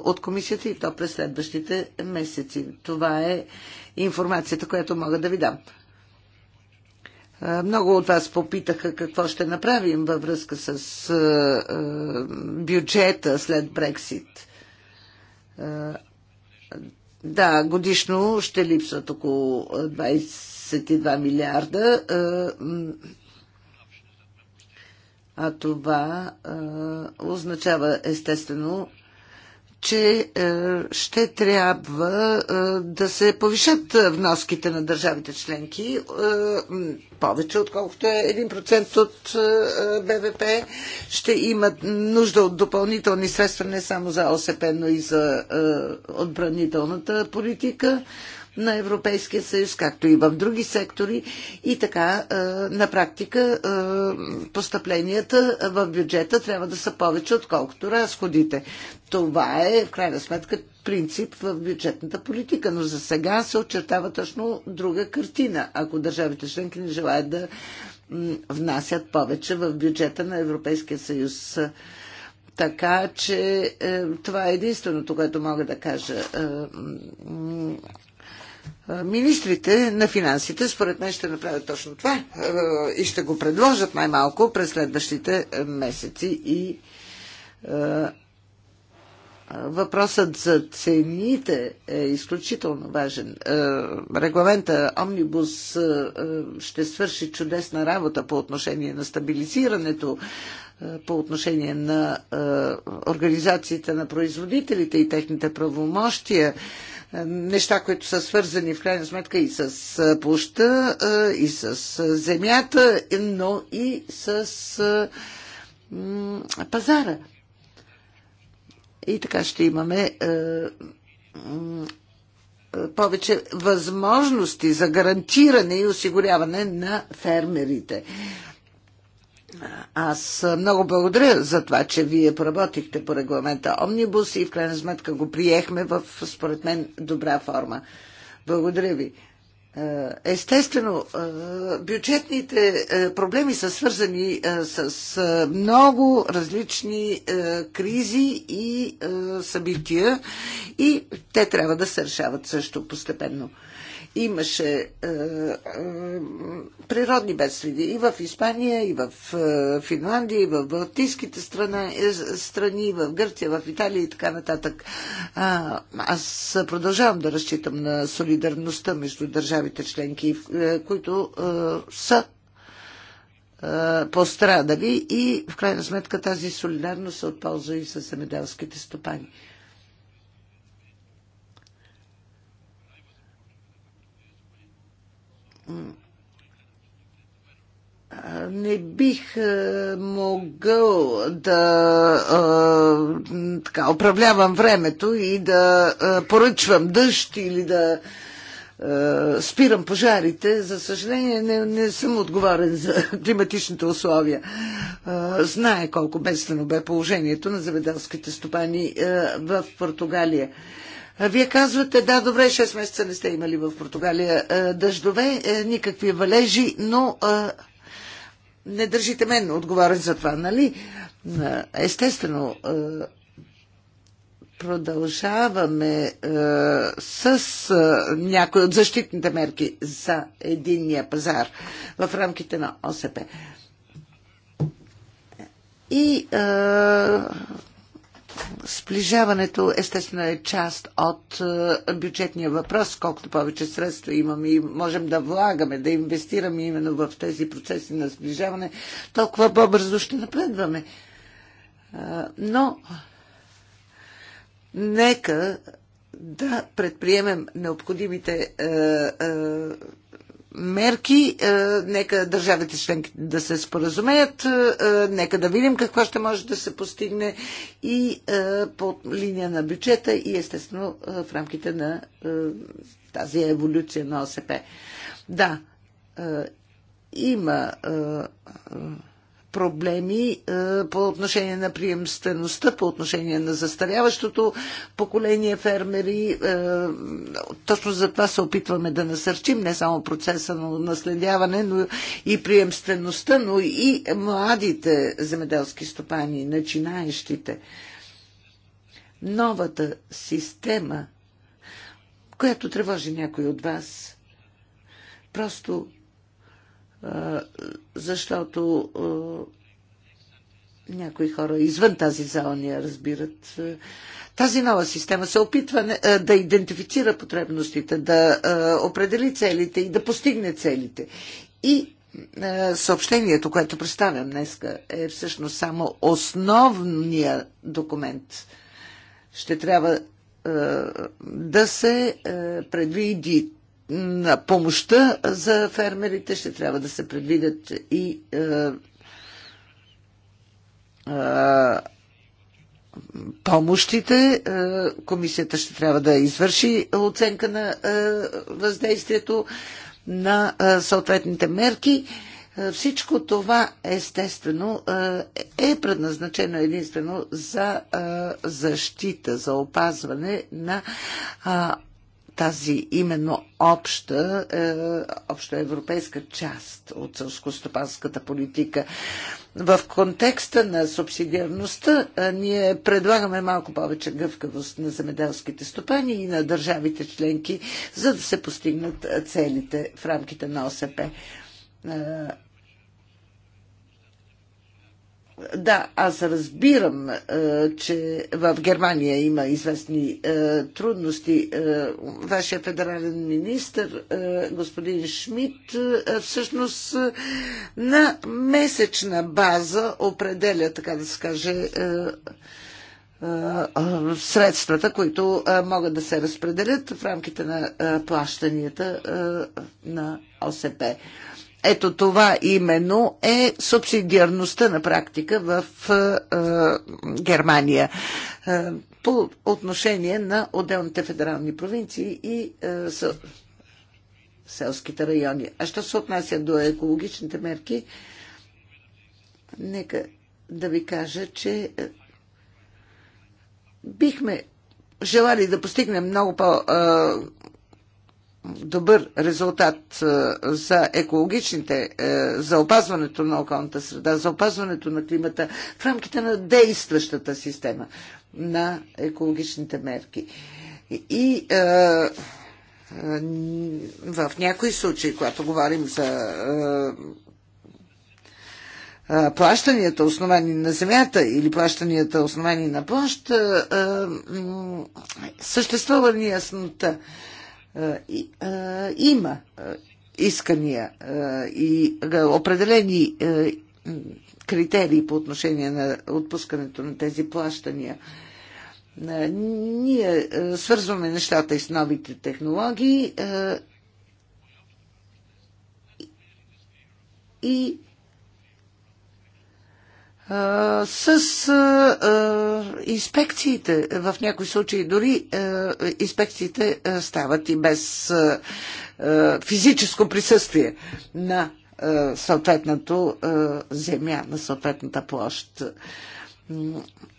от комисията и то през следващите месеци. Това е информацията, която мога да ви дам. Много от вас попитаха какво ще направим във връзка с бюджета след Брексит да, годишно ще липсват около 22 милиарда. А това означава естествено че е, ще трябва е, да се повишат вноските на държавите членки е, повече, отколкото е 1% от БВП. Ще имат нужда от допълнителни средства не само за ОСП, но и за отбранителната политика на Европейския съюз, както и в други сектори. И така, е, на практика, е, постъпленията в бюджета трябва да са повече, отколкото разходите. Това е, в крайна сметка, принцип в бюджетната политика, но за сега се очертава точно друга картина, ако държавите членки не желаят да внасят повече в бюджета на Европейския съюз. Така че е, това е единственото, което мога да кажа. Е, Министрите на финансите, според мен, ще направят точно това и ще го предложат най-малко през следващите месеци и Въпросът за цените е изключително важен. Регламента Омнибус ще свърши чудесна работа по отношение на стабилизирането, по отношение на организациите на производителите и техните правомощия. Е, неща, които са свързани в крайна сметка и с е, площа, е, и с земята, но и с пазара. И така ще имаме повече възможности за гарантиране и осигуряване на фермерите. Аз много благодаря за това, че вие поработихте по регламента Омнибус и в крайна сметка го приехме в, според мен, добра форма. Благодаря ви. Е, естествено, е, бюджетните е, проблеми са свързани с много различни кризи и събития и те трябва да се решават също постепенно имаше е, е, природни бедствия и в Испания, и в е, Финландия, и в Балтийските страна, е, страни, и в Гърция, в Италия и така нататък. А, аз продължавам да разчитам на солидарността между държавите членки, е, които е, са е, пострадали и в крайна сметка тази солидарност се отползва и с земеделските стопани. не бих е, могъл да е, така, управлявам времето и да е, поръчвам дъжд или да спирам пожарите. За съжаление, не, не съм отговорен за климатичните условия. Знае колко бедствено бе положението на заведелските стопани в Португалия. Вие казвате, да, добре, 6 месеца не сте имали в Португалия дъждове, никакви валежи, но не държите мен отговорен за това, нали? Естествено, продължаваме с някои от защитните мерки за единния пазар в рамките на ОСП. И Сближаването естествено е част от е, бюджетния въпрос. Колкото повече средства имаме и можем да влагаме, да инвестираме именно в тези процеси на сближаване, толкова по-бързо ще напредваме. Е, но нека да предприемем необходимите е, мерки. Е, нека държавите членки да се споразумеят, е, е, нека да видим какво ще може да се постигне и по линия на бюджета и естествено в рамките на тази еволюция на ОСП. Да, има проблеми е, по отношение на приемствеността, по отношение на застаряващото поколение фермери. Е, точно за това се опитваме да насърчим не само процеса на наследяване, но и приемствеността, но и младите земеделски стопани, начинаещите. Новата система, която тревожи някой от вас, просто защото някои хора извън тази зала не я разбират. Тази нова система се опитва да идентифицира потребностите, да определи целите и да постигне целите. И съобщението, което представям днес, е всъщност само основния документ. Ще трябва да се предвиди на помощта за фермерите ще трябва да се предвидят и а, е, а, е, помощите. А, е, комисията ще трябва да извърши оценка на а, въздействието на а, съответните мерки. Всичко това естествено е предназначено единствено за защита, за опазване на тази именно обща, е, обща европейска част от сълскостопанската политика. В контекста на субсидиарността е, ние предлагаме малко повече гъвкавост на земеделските стопани и на държавите членки, за да се постигнат е, целите в рамките на ОСП. Е, да, аз разбирам, е, че в Германия има известни е, трудности. Е, вашия федерален министр, господин Шмидт, всъщност на месечна база определя, така да се каже, средствата, които могат да се разпределят в рамките на плащанията на ОСП. Ето това именно е субсидиарността на практика в е, е, Германия е, по отношение на отделните федерални провинции и е, селските райони. А що се отнася до екологичните мерки, нека да ви кажа, че е, бихме желали да постигнем много по- е, добър резултат е, за екологичните, е, за опазването на околната среда, за опазването на климата в рамките на действащата система на екологичните мерки. И е, в някои случаи, когато говорим за плащанията, основани на земята или плащанията, основани на площ, съществува неяснота. яснота има искания и определени критерии по отношение на отпускането на тези плащания. ние свързваме нещата и с новите технологии и с инспекциите. В някои случаи дори инспекциите стават и без физическо присъствие на съответното земя, на съответната площ.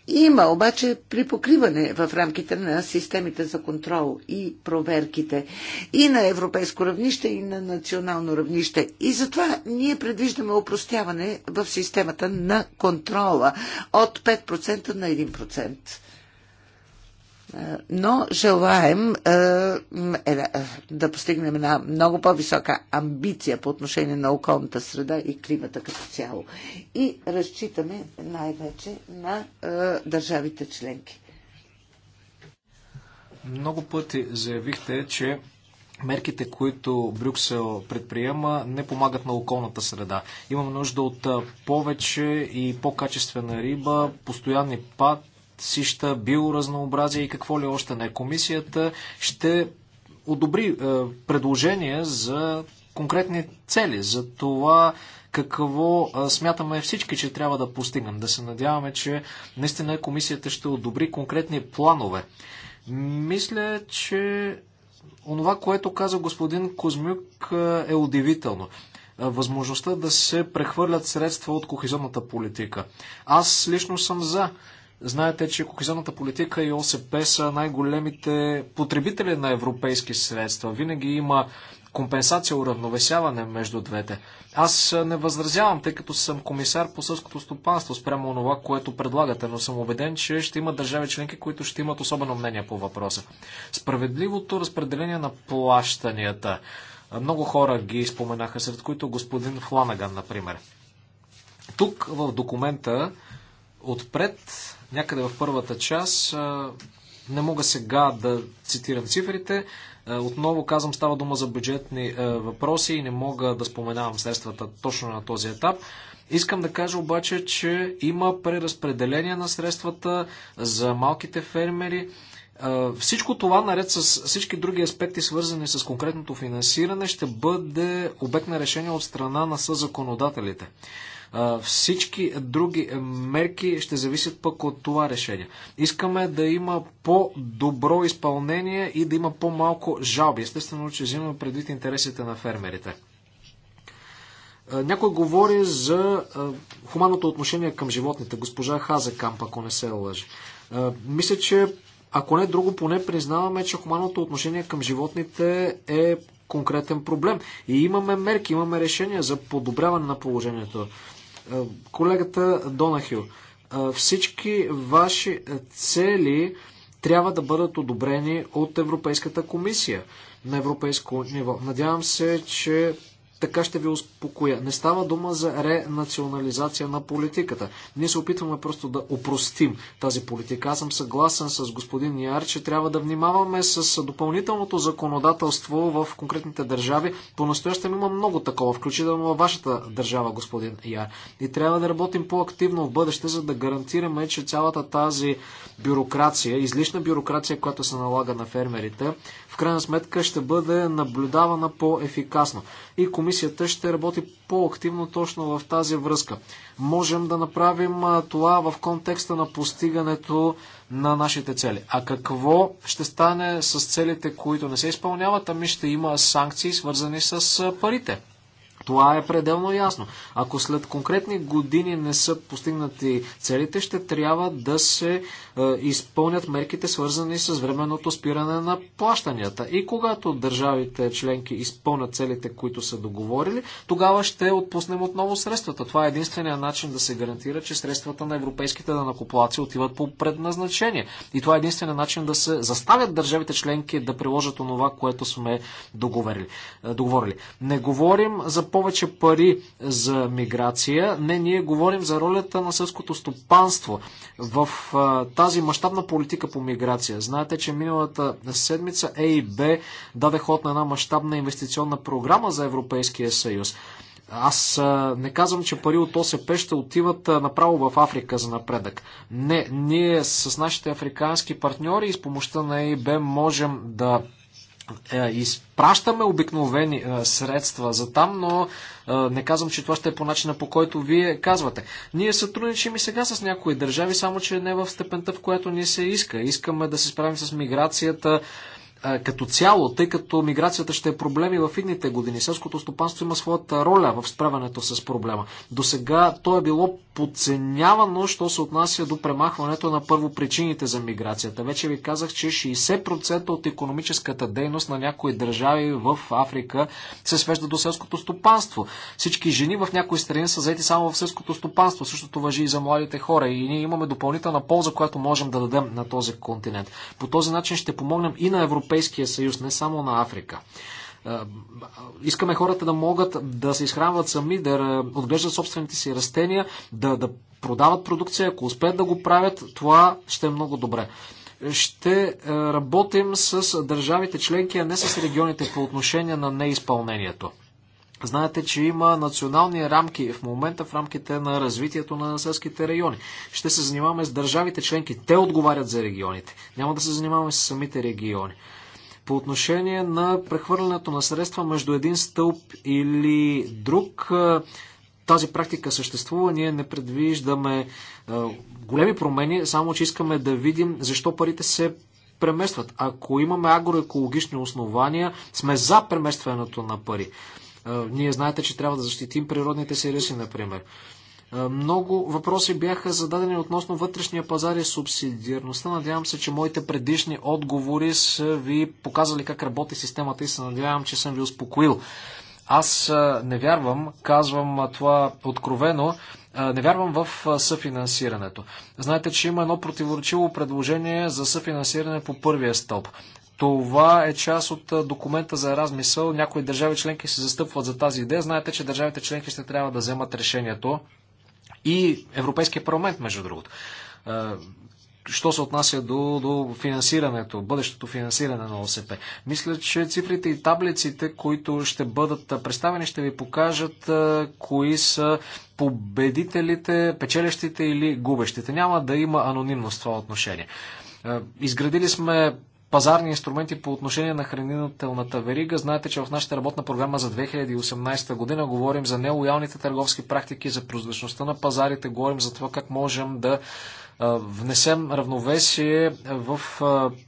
Има обаче припокриване в рамките на системите за контрол и проверките и на европейско равнище, и на национално равнище. И затова ние предвиждаме упростяване в системата на контрола от 5% на 1%. Е, но желаем е, е, е, да постигнем една много по-висока амбиция по отношение на околната среда и климата като цяло. И разчитаме най-вече на е, държавите членки. Много пъти заявихте, че мерките, които Брюксел предприема, не помагат на околната среда. Имаме нужда от е, повече и по-качествена риба, постоянни пад пасища, биоразнообразие и какво ли още не. Комисията ще одобри е, предложения за конкретни цели, за това какво е, смятаме всички, че трябва да постигнем. Да се надяваме, че наистина комисията ще одобри конкретни планове. Мисля, че онова, което каза господин Козмюк е, е удивително. Е, възможността да се прехвърлят средства от кохезионната политика. Аз лично съм за Знаете, че кохезионната политика и ОСП са най-големите потребители на европейски средства. Винаги има компенсация, уравновесяване между двете. Аз не възразявам, тъй като съм комисар по сърското стопанство спрямо това, което предлагате, но съм убеден, че ще има държави членки, които ще имат особено мнение по въпроса. Справедливото разпределение на плащанията. Много хора ги споменаха, сред които господин Фланаган, например. Тук в документа отпред някъде в първата част. Не мога сега да цитирам цифрите. Отново казвам, става дума за бюджетни въпроси и не мога да споменавам средствата точно на този етап. Искам да кажа обаче, че има преразпределение на средствата за малките фермери. Всичко това, наред с всички други аспекти, свързани с конкретното финансиране, ще бъде обект на решение от страна на съзаконодателите. Всички други мерки ще зависят пък от това решение. Искаме да има по-добро изпълнение и да има по-малко жалби. Естествено, че взимаме предвид интересите на фермерите. Някой говори за хуманното отношение към животните. Госпожа Хазекамп, ако не се лъжи. Мисля, че ако не друго, поне признаваме, че хуманното отношение към животните е конкретен проблем. И имаме мерки, имаме решения за подобряване на положението. Е, колегата Донахил, е, всички ваши цели трябва да бъдат одобрени от Европейската комисия на европейско ниво. Надявам се, че така ще ви успокоя. Не става дума за ренационализация на политиката. Ние се опитваме просто да опростим тази политика. Аз съм съгласен с господин Яр, че трябва да внимаваме с допълнителното законодателство в конкретните държави. По-настоящем има много такова, включително във вашата държава, господин Яр. И трябва да работим по-активно в бъдеще, за да гарантираме, че цялата тази бюрокрация, излишна бюрокрация, която се налага на фермерите, в крайна сметка ще бъде наблюдавана по-ефикасно. И комисията ще работи по-активно точно в тази връзка. Можем да направим това в контекста на постигането на нашите цели. А какво ще стане с целите, които не се изпълняват? Ами ще има санкции, свързани с парите. Това е пределно ясно. Ако след конкретни години не са постигнати целите, ще трябва да се е, изпълнят мерките, свързани с временното спиране на плащанията. И когато държавите членки изпълнят целите, които са договорили, тогава ще отпуснем отново средствата. Това е единствения начин да се гарантира, че средствата на европейските данакоплаци отиват по предназначение. И това е единствения начин да се заставят държавите членки да приложат онова, което сме договорили. Е, договорили. Не говорим за повече пари за миграция. Не, ние говорим за ролята на сърското стопанство в а, тази мащабна политика по миграция. Знаете, че миналата седмица ЕИБ даде ход на една мащабна инвестиционна програма за Европейския съюз. Аз а, не казвам, че пари от ОСП ще отиват а, направо в Африка за напредък. Не, ние с нашите африкански партньори и с помощта на ЕИБ можем да е, изпращаме обикновени е, средства за там, но е, не казвам, че това ще е по начина, по който вие казвате. Ние сътрудничим и сега с някои държави, само че не в степента, в която ни се иска. Искаме да се справим с миграцията, като цяло, тъй като миграцията ще е проблеми в идните години. Селското стопанство има своята роля в справянето с проблема. До сега то е било подценявано, що се отнася до премахването на първо причините за миграцията. Вече ви казах, че 60% от економическата дейност на някои държави в Африка се свежда до селското стопанство. Всички жени в някои страни са заети само в селското стопанство. Същото въжи и за младите хора. И ние имаме допълнителна полза, която можем да дадем на този континент. По този начин ще помогнем и на Европа Европейския съюз, не само на Африка. Искаме хората да могат да се изхранват сами, да отглеждат собствените си растения, да, да продават продукция. Ако успеят да го правят, това ще е много добре ще работим с държавите членки, а не с регионите по отношение на неизпълнението. Знаете, че има национални рамки в момента в рамките на развитието на селските райони. Ще се занимаваме с държавите членки. Те отговарят за регионите. Няма да се занимаваме с самите региони. По отношение на прехвърлянето на средства между един стълб или друг, тази практика съществува, ние не предвиждаме големи промени, само че искаме да видим защо парите се преместват. Ако имаме агроекологични основания, сме за преместването на пари. Ние знаете, че трябва да защитим природните си ресурси, например. Много въпроси бяха зададени относно вътрешния пазар и субсидиарността. Надявам се, че моите предишни отговори са ви показали как работи системата и се надявам, че съм ви успокоил. Аз не вярвам, казвам това откровено, не вярвам в съфинансирането. Знаете, че има едно противоречиво предложение за съфинансиране по първия стълб. Това е част от документа за размисъл. Някои държави членки се застъпват за тази идея. Знаете, че държавите членки ще трябва да вземат решението и Европейския парламент, между другото. Що се отнася до, до финансирането, бъдещото финансиране на ОСП? Мисля, че цифрите и таблиците, които ще бъдат представени, ще ви покажат кои са победителите, печелещите или губещите. Няма да има анонимност в това отношение. Изградили сме пазарни инструменти по отношение на хранителната верига. Знаете, че в нашата работна програма за 2018 година говорим за нелоялните търговски практики, за прозрачността на пазарите, говорим за това как можем да внесем равновесие в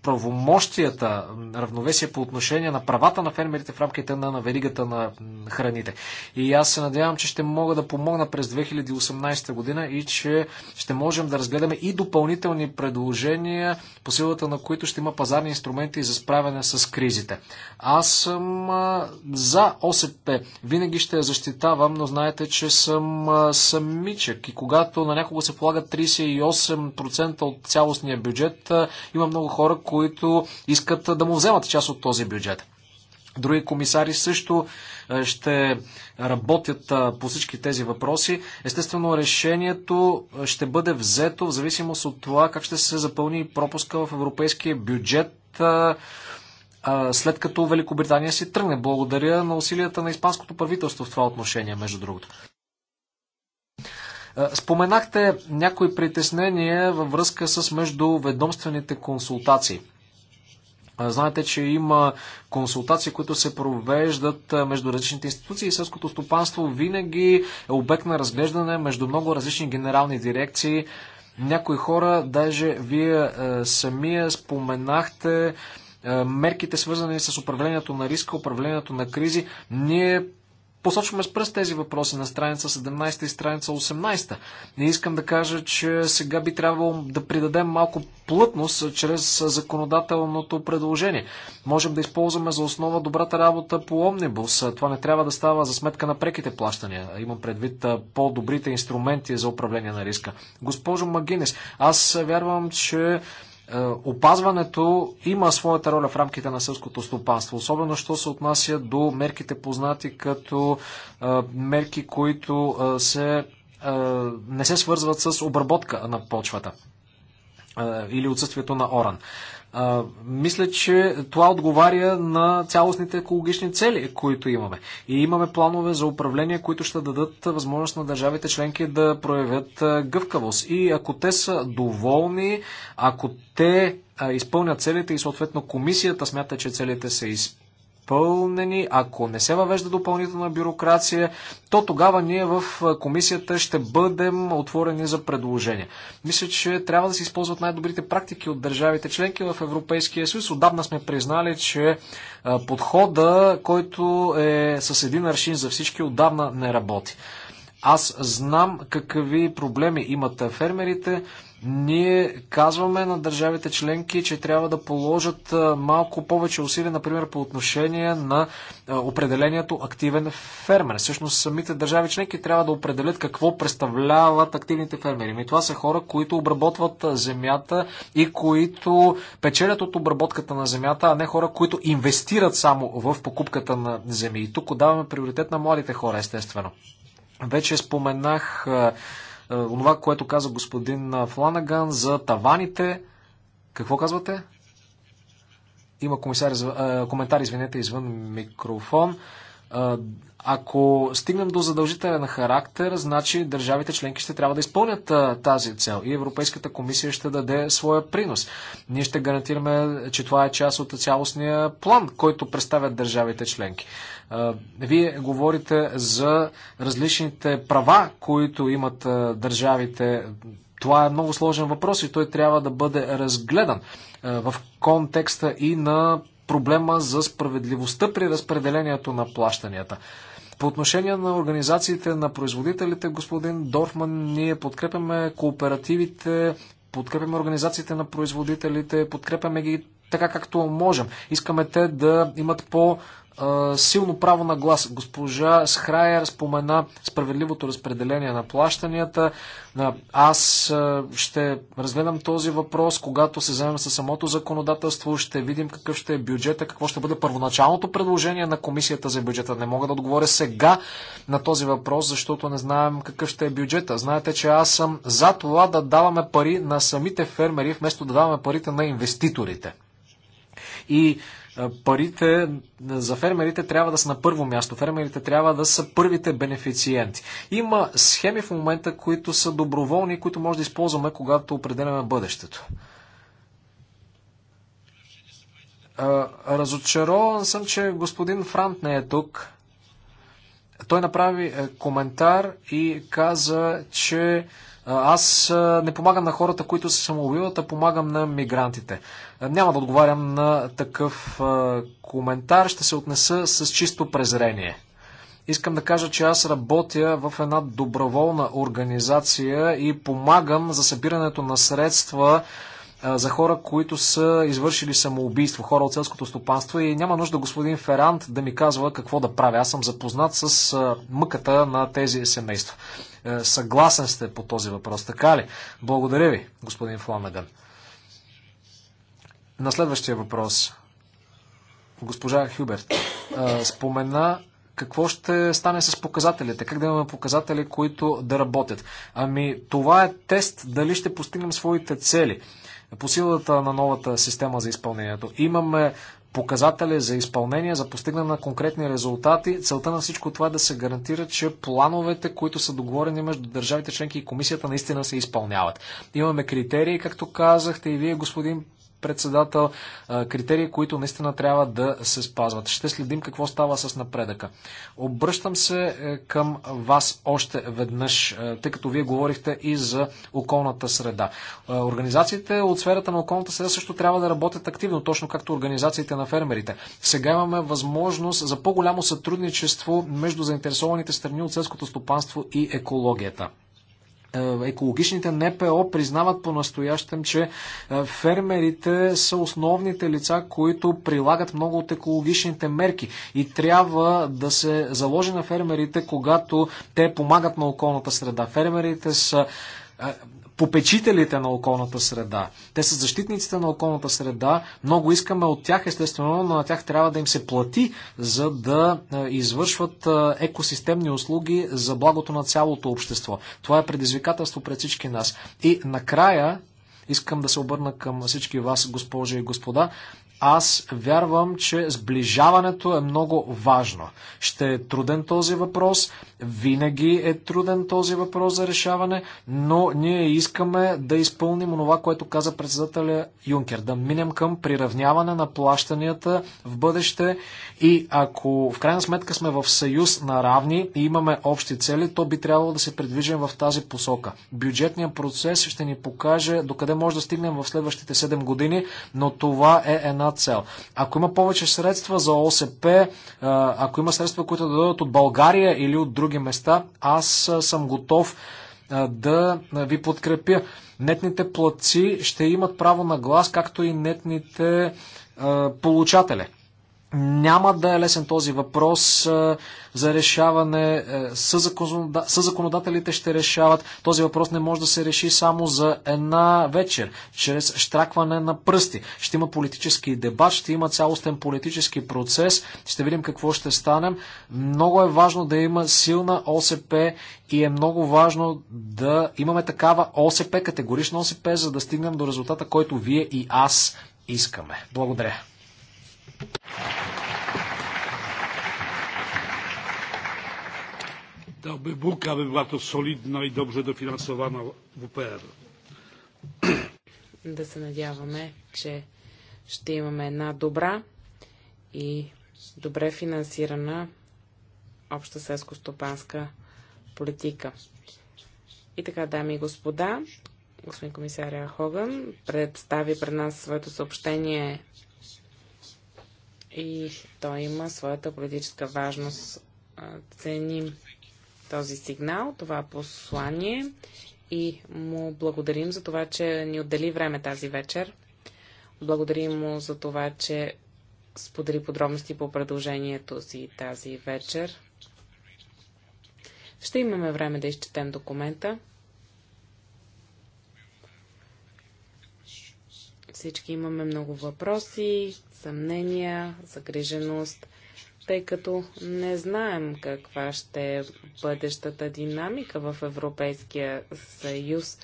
правомощията, равновесие по отношение на правата на фермерите в рамките на, на веригата на храните. И аз се надявам, че ще мога да помогна през 2018 година и че ще можем да разгледаме и допълнителни предложения, по силата на които ще има пазарни инструменти за справяне с кризите. Аз съм за ОСП. Винаги ще я защитавам, но знаете, че съм самичък. И когато на някого се полагат 38 8% от цялостния бюджет, има много хора, които искат да му вземат част от този бюджет. Други комисари също ще работят по всички тези въпроси. Естествено, решението ще бъде взето в зависимост от това как ще се запълни пропуска в европейския бюджет след като Великобритания си тръгне. Благодаря на усилията на испанското правителство в това отношение, между другото. Е, споменахте някои притеснения във връзка с междуведомствените консултации. Е, знаете, че има консултации, които се провеждат е, между различните институции и сълското стопанство винаги е обект на разглеждане между много различни генерални дирекции. Някои хора, даже вие самия споменахте мерките свързани с управлението на риска, управлението на кризи. Ние посочваме с пръст тези въпроси на страница 17 и страница 18. Не искам да кажа, че сега би трябвало да придадем малко плътност чрез законодателното предложение. Можем да използваме за основа добрата работа по омнибус. Това не трябва да става за сметка на преките плащания. Имам предвид по-добрите инструменти за управление на риска. Госпожо Магинес, аз вярвам, че е, опазването има своята роля в рамките на селското стопанство, особено що се отнася до мерките познати като е, мерки, които е, се, не се свързват с обработка на почвата или отсъствието на оран. А, мисля, че това отговаря на цялостните екологични цели, които имаме. И имаме планове за управление, които ще дадат възможност на държавите членки да проявят гъвкавост. И ако те са доволни, ако те изпълнят целите и съответно комисията смята, че целите са изпълнени, изпълнени, ако не се въвежда допълнителна бюрокрация, то тогава ние в комисията ще бъдем отворени за предложения. Мисля, че трябва да се използват най-добрите практики от държавите членки в Европейския съюз. Отдавна сме признали, че подхода, който е с един аршин за всички, отдавна не работи. Аз знам какви проблеми имат фермерите. Ние казваме на държавите членки, че трябва да положат малко повече усилия, например, по отношение на определението активен фермер. Всъщност самите държави членки трябва да определят какво представляват активните фермери. И ами това са хора, които обработват земята и които печелят от обработката на земята, а не хора, които инвестират само в покупката на земи. И тук даваме приоритет на младите хора, естествено. Вече споменах това, е, което каза господин Фланаган за таваните. Какво казвате? Има комисар, е, коментар, извинете, извън микрофон. Е, ако стигнем до задължителен характер, значи държавите членки ще трябва да изпълнят тази цел и Европейската комисия ще даде своя принос. Ние ще гарантираме, че това е част от цялостния план, който представят държавите членки. Вие говорите за различните права, които имат държавите. Това е много сложен въпрос и той трябва да бъде разгледан в контекста и на проблема за справедливостта при разпределението на плащанията. По отношение на организациите на производителите, господин Дорфман, ние подкрепяме кооперативите, подкрепяме организациите на производителите, подкрепяме ги така както можем. Искаме те да имат по- силно право на глас. Госпожа Схрайер спомена справедливото разпределение на плащанията. Аз ще разгледам този въпрос, когато се вземем със самото законодателство, ще видим какъв ще е бюджета, какво ще бъде първоначалното предложение на комисията за бюджета. Не мога да отговоря сега на този въпрос, защото не знаем какъв ще е бюджета. Знаете, че аз съм за това да даваме пари на самите фермери, вместо да даваме парите на инвеститорите. И парите за фермерите трябва да са на първо място. Фермерите трябва да са първите бенефициенти. Има схеми в момента, които са доброволни, които може да използваме, когато определяме бъдещето. Разочарован съм, че господин Франт не е тук. Той направи е, коментар и каза, че аз не помагам на хората, които се самоубиват, а помагам на мигрантите. Няма да отговарям на такъв коментар. Ще се отнеса с чисто презрение. Искам да кажа, че аз работя в една доброволна организация и помагам за събирането на средства за хора, които са извършили самоубийство, хора от селското стопанство и няма нужда господин Ферант да ми казва какво да правя. Аз съм запознат с мъката на тези семейства. Е, съгласен сте по този въпрос, така ли? Благодаря ви, господин Фламеден. На следващия въпрос. Госпожа Хюберт спомена какво ще стане с показателите? Как да имаме показатели, които да работят? Ами, това е тест дали ще постигнем своите цели по силата на новата система за изпълнението. Имаме показатели за изпълнение, за постигна на конкретни резултати. Целта на всичко това е да се гарантира, че плановете, които са договорени между държавите членки и комисията, наистина се изпълняват. Имаме критерии, както казахте и вие, господин председател, критерии, които наистина трябва да се спазват. Ще следим какво става с напредъка. Обръщам се е, към вас още веднъж, е, тъй като вие говорихте и за околната среда. Е, организациите от сферата на околната среда също трябва да работят активно, точно както организациите на фермерите. Сега имаме възможност за по-голямо сътрудничество между заинтересованите страни от селското стопанство и екологията. Е, екологичните НПО признават по-настоящем, че е, фермерите са основните лица, които прилагат много от екологичните мерки и трябва да се заложи на фермерите, когато те помагат на околната среда. Фермерите са е, попечителите на околната среда. Те са защитниците на околната среда. Много искаме от тях, естествено, но на тях трябва да им се плати, за да е, извършват е, екосистемни услуги за благото на цялото общество. Това е предизвикателство пред всички нас. И накрая, искам да се обърна към всички вас, госпожи и господа, аз вярвам, че сближаването е много важно. Ще е труден този въпрос, винаги е труден този въпрос за решаване, но ние искаме да изпълним това, което каза председателя Юнкер, да минем към приравняване на плащанията в бъдеще и ако в крайна сметка сме в съюз на равни и имаме общи цели, то би трябвало да се придвижим в тази посока. Бюджетният процес ще ни покаже докъде може да стигнем в следващите 7 години, но това е една една цел. Ако има повече средства за ОСП, ако има средства, които да дойдат от България или от други места, аз съм готов да ви подкрепя. Нетните платци ще имат право на глас, както и нетните получатели няма да е лесен този въпрос за решаване. Със законодателите ще решават. Този въпрос не може да се реши само за една вечер, чрез штракване на пръсти. Ще има политически дебат, ще има цялостен политически процес. Ще видим какво ще станем. Много е важно да има силна ОСП и е много важно да имаме такава ОСП, категорична ОСП, за да стигнем до резултата, който вие и аз искаме. Благодаря by Bóg, by była to solidna i dobrze дофинансована ВПР. Да се надяваме, че ще имаме една добра и добре финансирана обща селско-стопанска политика. И така, дами и господа, господин комисаря Хоган представи пред нас своето съобщение и той има своята политическа важност. Ценим този сигнал, това послание и му благодарим за това, че ни отдели време тази вечер. Благодарим му за това, че сподели подробности по предложението си тази вечер. Ще имаме време да изчетем документа. Всички имаме много въпроси, съмнения, загриженост, тъй като не знаем каква ще е бъдещата динамика в Европейския съюз.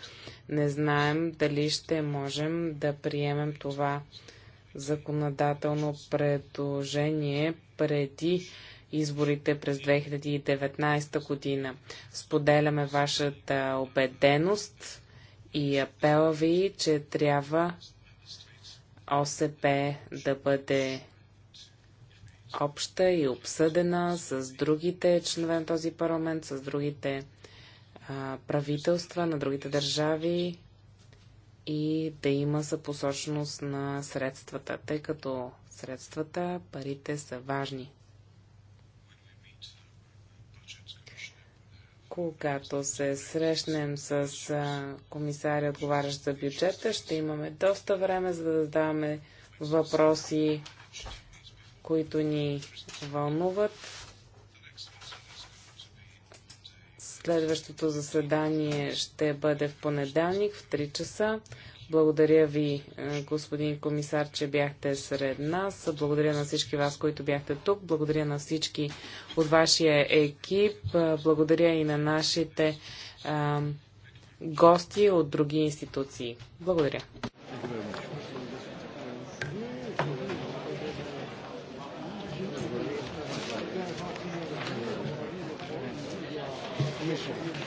Не знаем дали ще можем да приемем това законодателно предложение преди изборите през 2019 година. Споделяме вашата убеденост и апела ви, че трябва ОСП да бъде обща и обсъдена с другите членове на този парламент, с другите а, правителства на другите държави и да има съпосочност на средствата, тъй като средствата, парите са важни. когато се срещнем с комисаря, отговарящ за бюджета, ще имаме доста време, за да задаваме въпроси, които ни вълнуват. Следващото заседание ще бъде в понеделник в 3 часа. Благодаря ви, е, господин комисар, че бяхте сред нас. Благодаря на всички вас, които бяхте тук. Благодаря на всички от вашия екип. Е, благодаря и на нашите а, е, гости от други институции. Благодаря. Thank you.